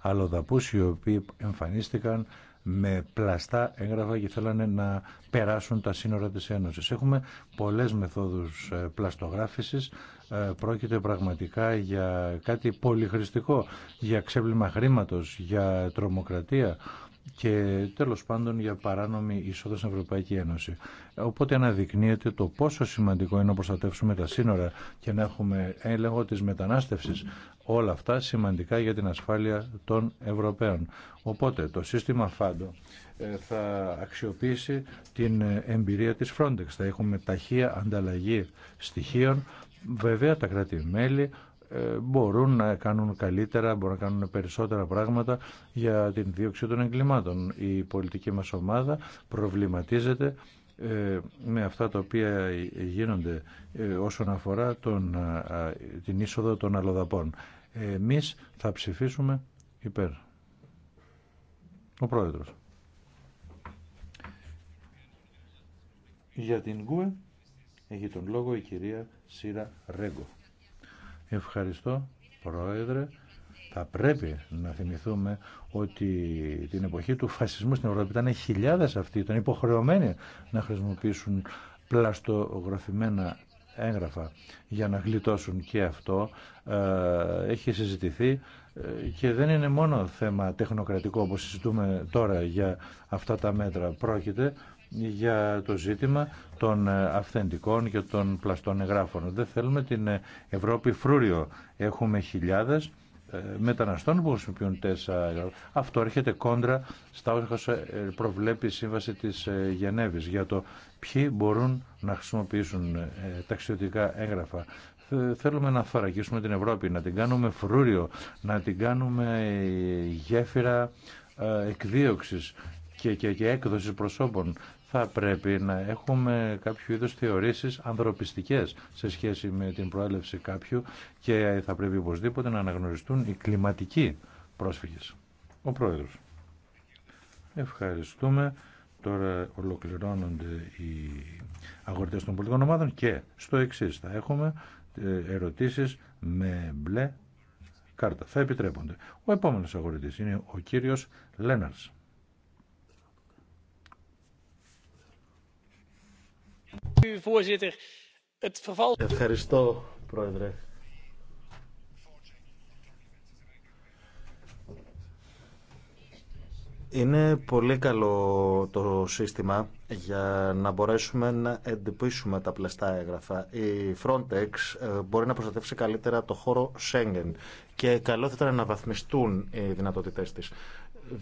αλλοδαπούς οι οποίοι εμφανίστηκαν με πλαστά έγγραφα και θέλανε να περάσουν τα σύνορα της Ένωσης. Έχουμε πολλές μεθόδους ε, πλαστογράφησης. Ε, πρόκειται πραγματικά για κάτι πολυχρηστικό, για ξέπλυμα χρήματος, για τρομοκρατία και τέλος πάντων για παράνομη εισόδο στην Ευρωπαϊκή Ένωση. Οπότε αναδεικνύεται το πόσο σημαντικό είναι να προστατεύσουμε τα σύνορα και να έχουμε έλεγχο της μετανάστευσης. Όλα αυτά σημαντικά για την ασφάλεια των Ευρωπαίων. Οπότε το σύστημα Φάντο ε, θα αξιοποιήσει την ε, εμπειρία της Frontex. Θα έχουμε ταχεία ανταλλαγή στοιχείων. Βέβαια τα κράτη-μέλη ε, μπορούν να κάνουν καλύτερα, μπορούν να κάνουν περισσότερα πράγματα για την δίωξη των εγκλημάτων. Η πολιτική μας ομάδα προβληματίζεται ε, με αυτά τα οποία γίνονται ε, όσον αφορά τον, την είσοδο των αλλοδαπών. Εμείς θα ψηφίσουμε υπέρ. Ο Πρόεδρος. Για την ΚΟΕ έχει τον λόγο η κυρία Σύρα Ρέγκο. Ευχαριστώ, Πρόεδρε. Θα πρέπει να θυμηθούμε ότι την εποχή του φασισμού στην Ευρώπη ήταν χιλιάδες αυτοί, ήταν υποχρεωμένοι να χρησιμοποιήσουν πλαστογραφημένα έγγραφα για να γλιτώσουν και αυτό. Ε, έχει συζητηθεί ε, και δεν είναι μόνο θέμα τεχνοκρατικό όπως συζητούμε τώρα για αυτά τα μέτρα. Πρόκειται για το ζήτημα των αυθεντικών και των πλαστών εγγράφων. Δεν θέλουμε την Ευρώπη φρούριο. Έχουμε χιλιάδες ε, μεταναστών που χρησιμοποιούν τέσσερα εγγράφα. Αυτό έρχεται κόντρα στα όσα ε, προβλέπει η Σύμβαση της ε, Γενέβης για το ποιοι μπορούν να χρησιμοποιήσουν ταξιδιωτικά έγγραφα. Θέλουμε να θωρακίσουμε την Ευρώπη, να την κάνουμε φρούριο, να την κάνουμε γέφυρα εκδίωξης και, και, και έκδοση προσώπων θα πρέπει να έχουμε κάποιο είδους θεωρήσεις ανθρωπιστικές σε σχέση με την προέλευση κάποιου και θα πρέπει οπωσδήποτε να αναγνωριστούν οι κλιματικοί πρόσφυγες. Ο Πρόεδρος. Ευχαριστούμε. Τώρα ολοκληρώνονται οι αγορτές των πολιτικών ομάδων και στο εξή θα έχουμε ε, ερωτήσεις με μπλε κάρτα. Θα επιτρέπονται. Ο επόμενος αγορητής είναι ο κύριος Λέναρς. Ευχαριστώ, Πρόεδρε. Είναι πολύ καλό το σύστημα για να μπορέσουμε να εντυπίσουμε τα πλαστά έγγραφα. Η Frontex ε, μπορεί να προστατεύσει καλύτερα το χώρο Schengen και καλό θα ήταν να βαθμιστούν οι δυνατότητές της.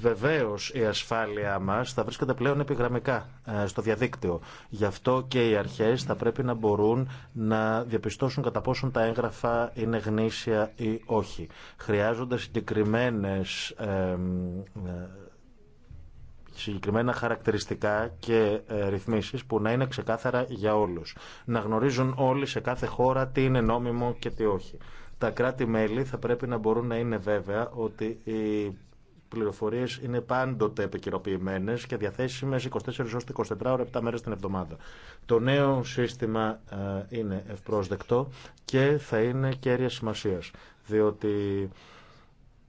Βεβαίω η ασφάλειά μα θα βρίσκεται πλέον επιγραμμικά ε, στο διαδίκτυο. Γι' αυτό και οι αρχέ θα πρέπει να μπορούν να διαπιστώσουν κατά πόσον τα έγγραφα είναι γνήσια ή όχι. Χρειάζονται συγκεκριμένε ε, συγκεκριμένα χαρακτηριστικά και ε, ρυθμίσεις που να είναι ξεκάθαρα για όλους. Να γνωρίζουν όλοι σε κάθε χώρα τι είναι νόμιμο και τι όχι. Τα κράτη-μέλη θα πρέπει να μπορούν να είναι βέβαια ότι είναι πάντοτε επικαιροποιημένες και διαθέσιμες 24 ώρες 24 ώρες 7 μέρες την εβδομάδα. Το νέο σύστημα ε, είναι ευπρόσδεκτο και θα είναι κέρια σημασίας, διότι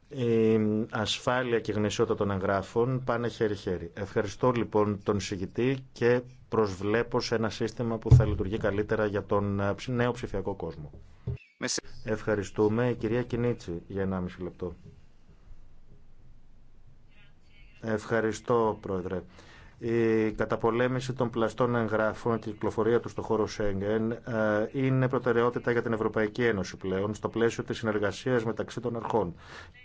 η ασφάλεια και η γνησιότητα των εγγράφων πάνε χέρι-χέρι. Ευχαριστώ λοιπόν τον συγητή και προσβλέπω σε ένα σύστημα που θα λειτουργεί καλύτερα για τον ε, νέο ψηφιακό κόσμο. Ευχαριστούμε. Η κυρία Κινίτσι, για 1,5 λεπτό. Ευχαριστώ, Πρόεδρε. Η καταπολέμηση των πλαστών εγγράφων και η κυκλοφορία του στον χώρο Σέγγεν ε, είναι προτεραιότητα για την Ευρωπαϊκή Ένωση πλέον στο πλαίσιο της συνεργασίας μεταξύ των αρχών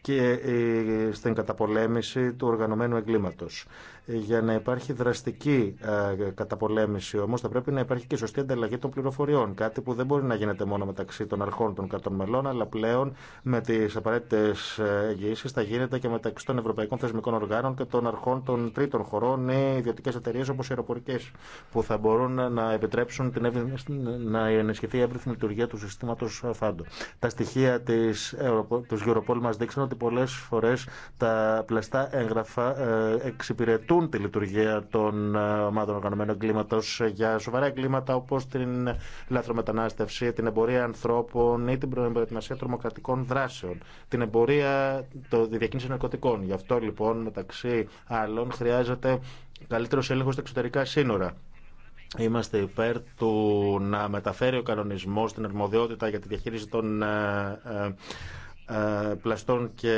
και ε, στην καταπολέμηση του οργανωμένου εγκλήματος. Για να υπάρχει δραστική ε, καταπολέμηση όμως θα πρέπει να υπάρχει και σωστή ανταλλαγή των πληροφοριών, κάτι που δεν μπορεί να γίνεται μόνο μεταξύ των αρχών των κατων μελών, αλλά πλέον με τις απαραίτητες εγγυήσεις θα γίνεται και μεταξύ των ευρωπαϊκών θεσμικών οργάνων και των αρχών των τρίτων χωρών ιδιωτικέ εταιρείε όπω οι αεροπορικέ, που θα μπορούν να επιτρέψουν την να ενισχυθεί η εύρυθμη λειτουργία του συστήματο Φάντο. Τα στοιχεία τη Europol μα δείξαν ότι πολλέ φορέ τα πλαστά έγγραφα ε, εξυπηρετούν τη λειτουργία των ε, ομάδων οργανωμένων εγκλήματο για σοβαρά εγκλήματα όπω την λαθρομετανάστευση, την εμπορία ανθρώπων ή την προετοιμασία τρομοκρατικών δράσεων, την εμπορία, το διακίνηση ναρκωτικών. Γι' αυτό λοιπόν μεταξύ άλλων χρειάζεται καλύτερος έλεγχος στα εξωτερικά σύνορα. Είμαστε υπέρ του να μεταφέρει ο κανονισμός την αρμοδιότητα για τη διαχείριση των ε, ε, ε, πλαστών και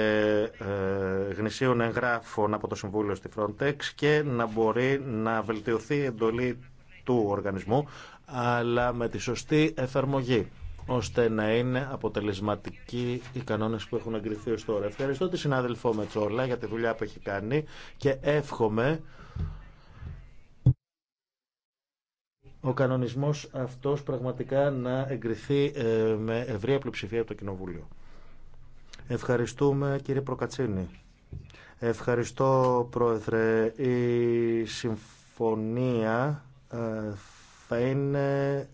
γνησίων εγγράφων από το Συμβούλιο στη Frontex και να μπορεί να βελτιωθεί η εντολή του οργανισμού αλλά με τη σωστή εφαρμογή ώστε να είναι αποτελεσματικοί οι κανόνε που έχουν εγκριθεί ω τώρα. Ευχαριστώ τη συνάδελφό Μετσόλα για τη δουλειά που έχει κάνει και εύχομαι ο κανονισμός αυτός πραγματικά να εγκριθεί ε, με ευρία πλειοψηφία από το Κοινοβούλιο. Ευχαριστούμε κύριε Προκατσίνη. Ευχαριστώ πρόεδρε. Η συμφωνία ε, θα είναι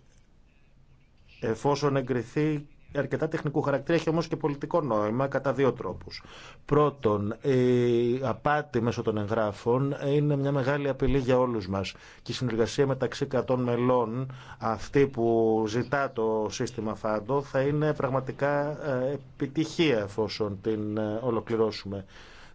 εφόσον εγκριθεί αρκετά τεχνικού χαρακτήρα, έχει όμως και πολιτικό νόημα κατά δύο τρόπους. Πρώτον, η απάτη μέσω των εγγράφων είναι μια μεγάλη απειλή για όλους μας Και η συνεργασία μεταξύ 100 μελών, αυτή που ζητά το σύστημα Φάντο, θα είναι πραγματικά ε, επιτυχία εφόσον την ε, ολοκληρώσουμε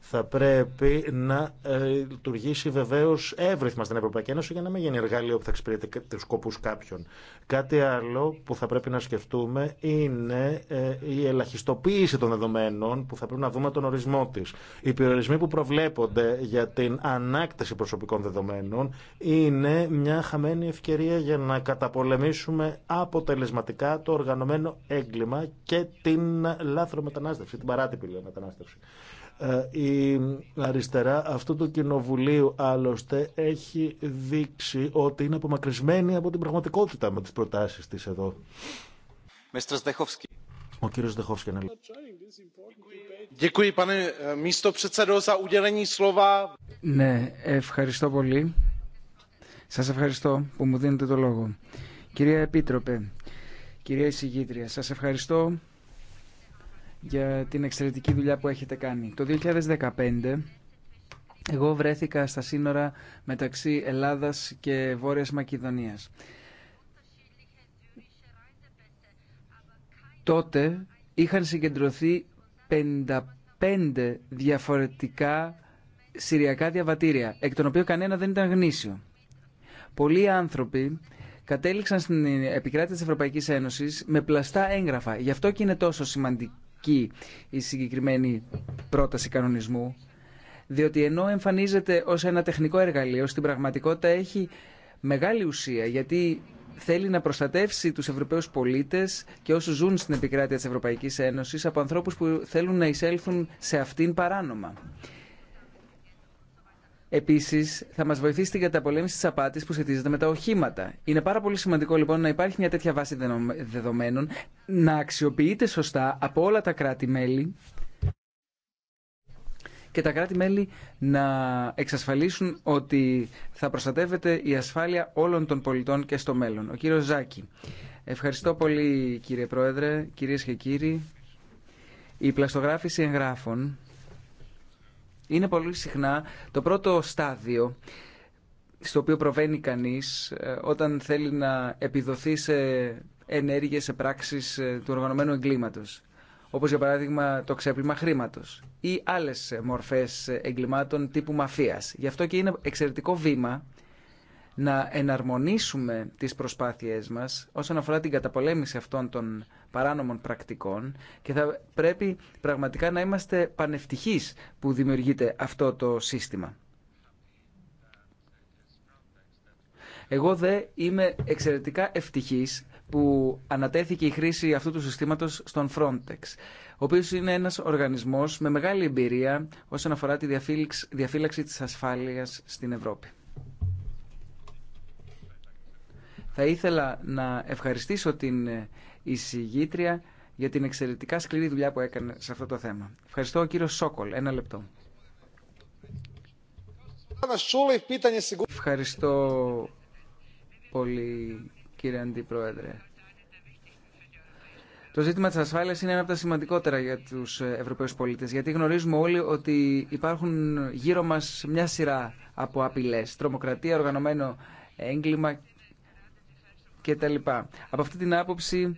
θα πρέπει να ε, λειτουργήσει βεβαίω εύρυθμα στην Ευρωπαϊκή Ένωση για να μην γίνει εργαλείο που θα εξυπηρετεί του σκοπού κάποιων. Κάτι άλλο που θα πρέπει να σκεφτούμε είναι ε, η ελαχιστοποίηση των δεδομένων που θα πρέπει να δούμε τον ορισμό τη. Οι περιορισμοί που προβλέπονται για την ανάκτηση προσωπικών δεδομένων είναι μια χαμένη ευκαιρία για να καταπολεμήσουμε αποτελεσματικά το οργανωμένο έγκλημα και την λάθρο μετανάστευση, την παράτυπη μετανάστευση. Ε, η αριστερά αυτού του κοινοβουλίου άλλωστε έχει δείξει ότι είναι απομακρυσμένη από την πραγματικότητα με τις προτάσεις της εδώ. Ο κύριος Δεχόφσκι, ναι. Eh, ναι, ευχαριστώ πολύ. Σας ευχαριστώ που μου δίνετε το λόγο. Κυρία Επίτροπε, κυρία Εισηγήτρια, σας ευχαριστώ για την εξαιρετική δουλειά που έχετε κάνει. Το 2015 εγώ βρέθηκα στα σύνορα μεταξύ Ελλάδας και Βόρειας Μακεδονίας. Τότε είχαν συγκεντρωθεί 55 διαφορετικά συριακά διαβατήρια, εκ των οποίων κανένα δεν ήταν γνήσιο. Πολλοί άνθρωποι κατέληξαν στην επικράτεια της Ευρωπαϊκής Ένωσης με πλαστά έγγραφα. Γι' αυτό και είναι τόσο σημαντικό και η συγκεκριμένη πρόταση κανονισμού, διότι ενώ εμφανίζεται ως ένα τεχνικό εργαλείο, στην πραγματικότητα έχει μεγάλη ουσία, γιατί θέλει να προστατεύσει τους Ευρωπαίους πολίτες και όσους ζουν στην επικράτεια της Ευρωπαϊκής Ένωσης από ανθρώπους που θέλουν να εισέλθουν σε αυτήν παράνομα. Επίση, θα μα βοηθήσει στην καταπολέμηση τη απάτη που σχετίζεται με τα οχήματα. Είναι πάρα πολύ σημαντικό λοιπόν να υπάρχει μια τέτοια βάση δεδομένων, να αξιοποιείται σωστά από όλα τα κράτη-μέλη και τα κράτη-μέλη να εξασφαλίσουν ότι θα προστατεύεται η ασφάλεια όλων των πολιτών και στο μέλλον. Ο κύριος Ζάκη. Ευχαριστώ πολύ κύριε Πρόεδρε, κυρίε και κύριοι. Η πλαστογράφηση εγγράφων είναι πολύ συχνά το πρώτο στάδιο στο οποίο προβαίνει κανείς ε, όταν θέλει να επιδοθεί σε ενέργειες, σε πράξεις ε, του οργανωμένου εγκλήματος. Όπως για παράδειγμα το ξέπλυμα χρήματος ή άλλες μορφές ε, εγκλημάτων τύπου μαφίας. Γι' αυτό και είναι εξαιρετικό βήμα να εναρμονίσουμε τις προσπάθειές μας όσον αφορά την καταπολέμηση αυτών των παράνομων πρακτικών και θα πρέπει πραγματικά να είμαστε πανευτυχείς που δημιουργείται αυτό το σύστημα. Εγώ δε είμαι εξαιρετικά ευτυχής που ανατέθηκε η χρήση αυτού του συστήματος στον Frontex, ο οποίος είναι ένας οργανισμός με μεγάλη εμπειρία όσον αφορά τη διαφύλαξη της ασφάλειας στην Ευρώπη. Θα ήθελα να ευχαριστήσω την ε, εισηγήτρια για την εξαιρετικά σκληρή δουλειά που έκανε σε αυτό το θέμα. Ευχαριστώ ο Σόκολ. Ένα λεπτό. Ευχαριστώ πολύ κύριε Αντιπρόεδρε. Το ζήτημα της ασφάλειας είναι ένα από τα σημαντικότερα για τους ε, Ευρωπαίους πολίτες, γιατί γνωρίζουμε όλοι ότι υπάρχουν γύρω μας μια σειρά από απειλές, τρομοκρατία, οργανωμένο έγκλημα κτλ. Από αυτή την άποψη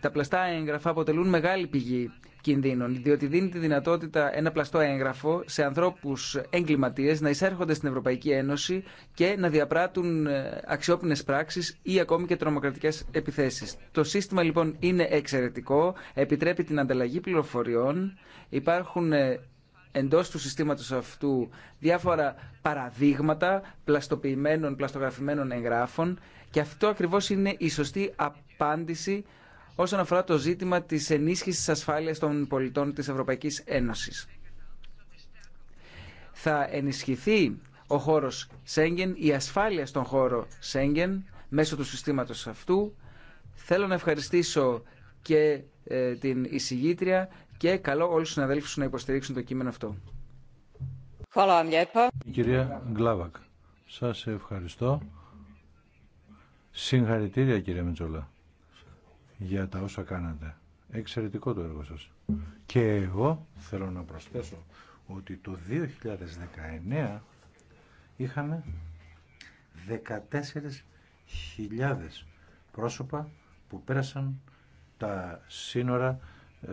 τα πλαστά έγγραφα αποτελούν μεγάλη πηγή κινδύνων, διότι δίνει τη δυνατότητα ένα πλαστό έγγραφο σε ανθρώπου εγκληματίε να εισέρχονται στην Ευρωπαϊκή Ένωση και να διαπράττουν ε, αξιόπινε πράξει ή ακόμη και τρομοκρατικέ επιθέσει. Το σύστημα λοιπόν είναι εξαιρετικό, επιτρέπει την ανταλλαγή πληροφοριών, υπάρχουν ε, εντός του συστήματος αυτού διάφορα παραδείγματα πλαστοποιημένων, πλαστογραφημένων εγγράφων και αυτό ακριβώς είναι η σωστή απάντηση όσον αφορά το ζήτημα της ενίσχυσης ασφάλειας των πολιτών της Ευρωπαϊκής Ένωσης. Θα ενισχυθεί ο χώρος Σέγγεν, η ασφάλεια στον χώρο Σέγγεν μέσω του συστήματος αυτού. Θέλω να ευχαριστήσω και ε, την εισηγήτρια και καλώ όλους τους συναδέλφους να υποστηρίξουν το κείμενο αυτό. κυρία Γκλάβακ, σας ευχαριστώ. Συγχαρητήρια κύριε Μητσολά για τα όσα κάνατε. Εξαιρετικό το έργο σας. Και εγώ θέλω να προσθέσω ότι το 2019 είχαμε 14.000 πρόσωπα που πέρασαν τα σύνορα ε,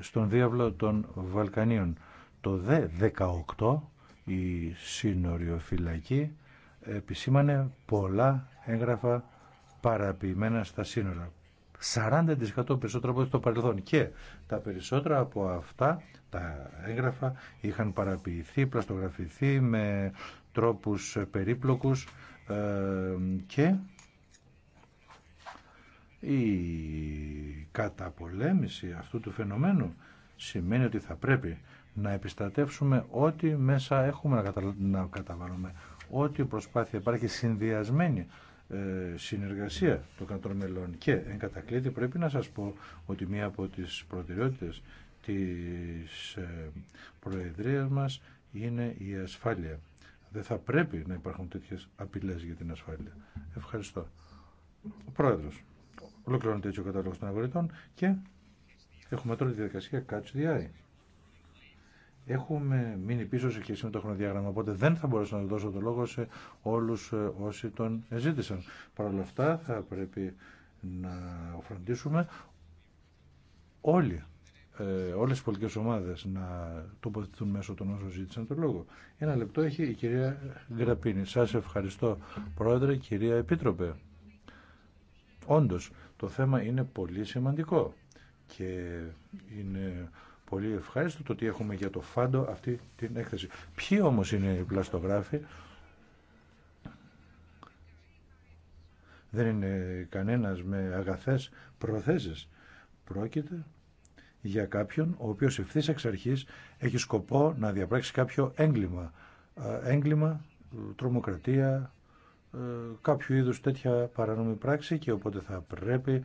στον διάβλο των Βαλκανίων. Το 2018 18 η φυλακή επισήμανε πολλά έγγραφα παραποιημένα στα σύνορα. 40% περισσότερο από το παρελθόν και τα περισσότερα από αυτά τα έγγραφα είχαν παραποιηθεί, πλαστογραφηθεί με τρόπους περίπλοκους ε, και η καταπολέμηση αυτού του φαινομένου σημαίνει ότι θα πρέπει να επιστατεύσουμε ό,τι μέσα έχουμε να καταβάλουμε ό,τι προσπάθεια υπάρχει συνδυασμένη ε, συνεργασία των κρατών μελών. Και εν κατακλείδη πρέπει να σας πω ότι μία από τις προτεραιότητες της ε, Προεδρίας μας είναι η ασφάλεια. Δεν θα πρέπει να υπάρχουν τέτοιες απειλές για την ασφάλεια. Ευχαριστώ. Ο Πρόεδρος. Ολοκληρώνεται έτσι ο κατάλογος των αγορητών και έχουμε τώρα τη διαδικασία Catch the Eye. Έχουμε μείνει πίσω σε σχέση με το χρονοδιάγραμμα, οπότε δεν θα μπορέσω να δώσω το λόγο σε όλους ε, όσοι τον ζήτησαν. Παρ' όλα αυτά θα πρέπει να φροντίσουμε όλοι, ε, όλες οι πολιτικές ομάδες να τοποθετηθούν μέσω των όσων ζήτησαν το λόγο. Ένα λεπτό έχει η κυρία Γραπίνη. Σας ευχαριστώ πρόεδρε, κυρία Επίτροπε. Όντως, το θέμα είναι πολύ σημαντικό και είναι πολύ ευχάριστο το ότι έχουμε για το φάντο αυτή την έκθεση. Ποιοι όμως είναι οι πλαστογράφοι. Δεν είναι κανένας με αγαθές προθέσεις. Πρόκειται για κάποιον ο οποίος ευθύς εξ αρχής έχει σκοπό να διαπράξει κάποιο έγκλημα. Έγκλημα, τρομοκρατία, ε, κάποιο είδους τέτοια παρανομή πράξη και οπότε θα πρέπει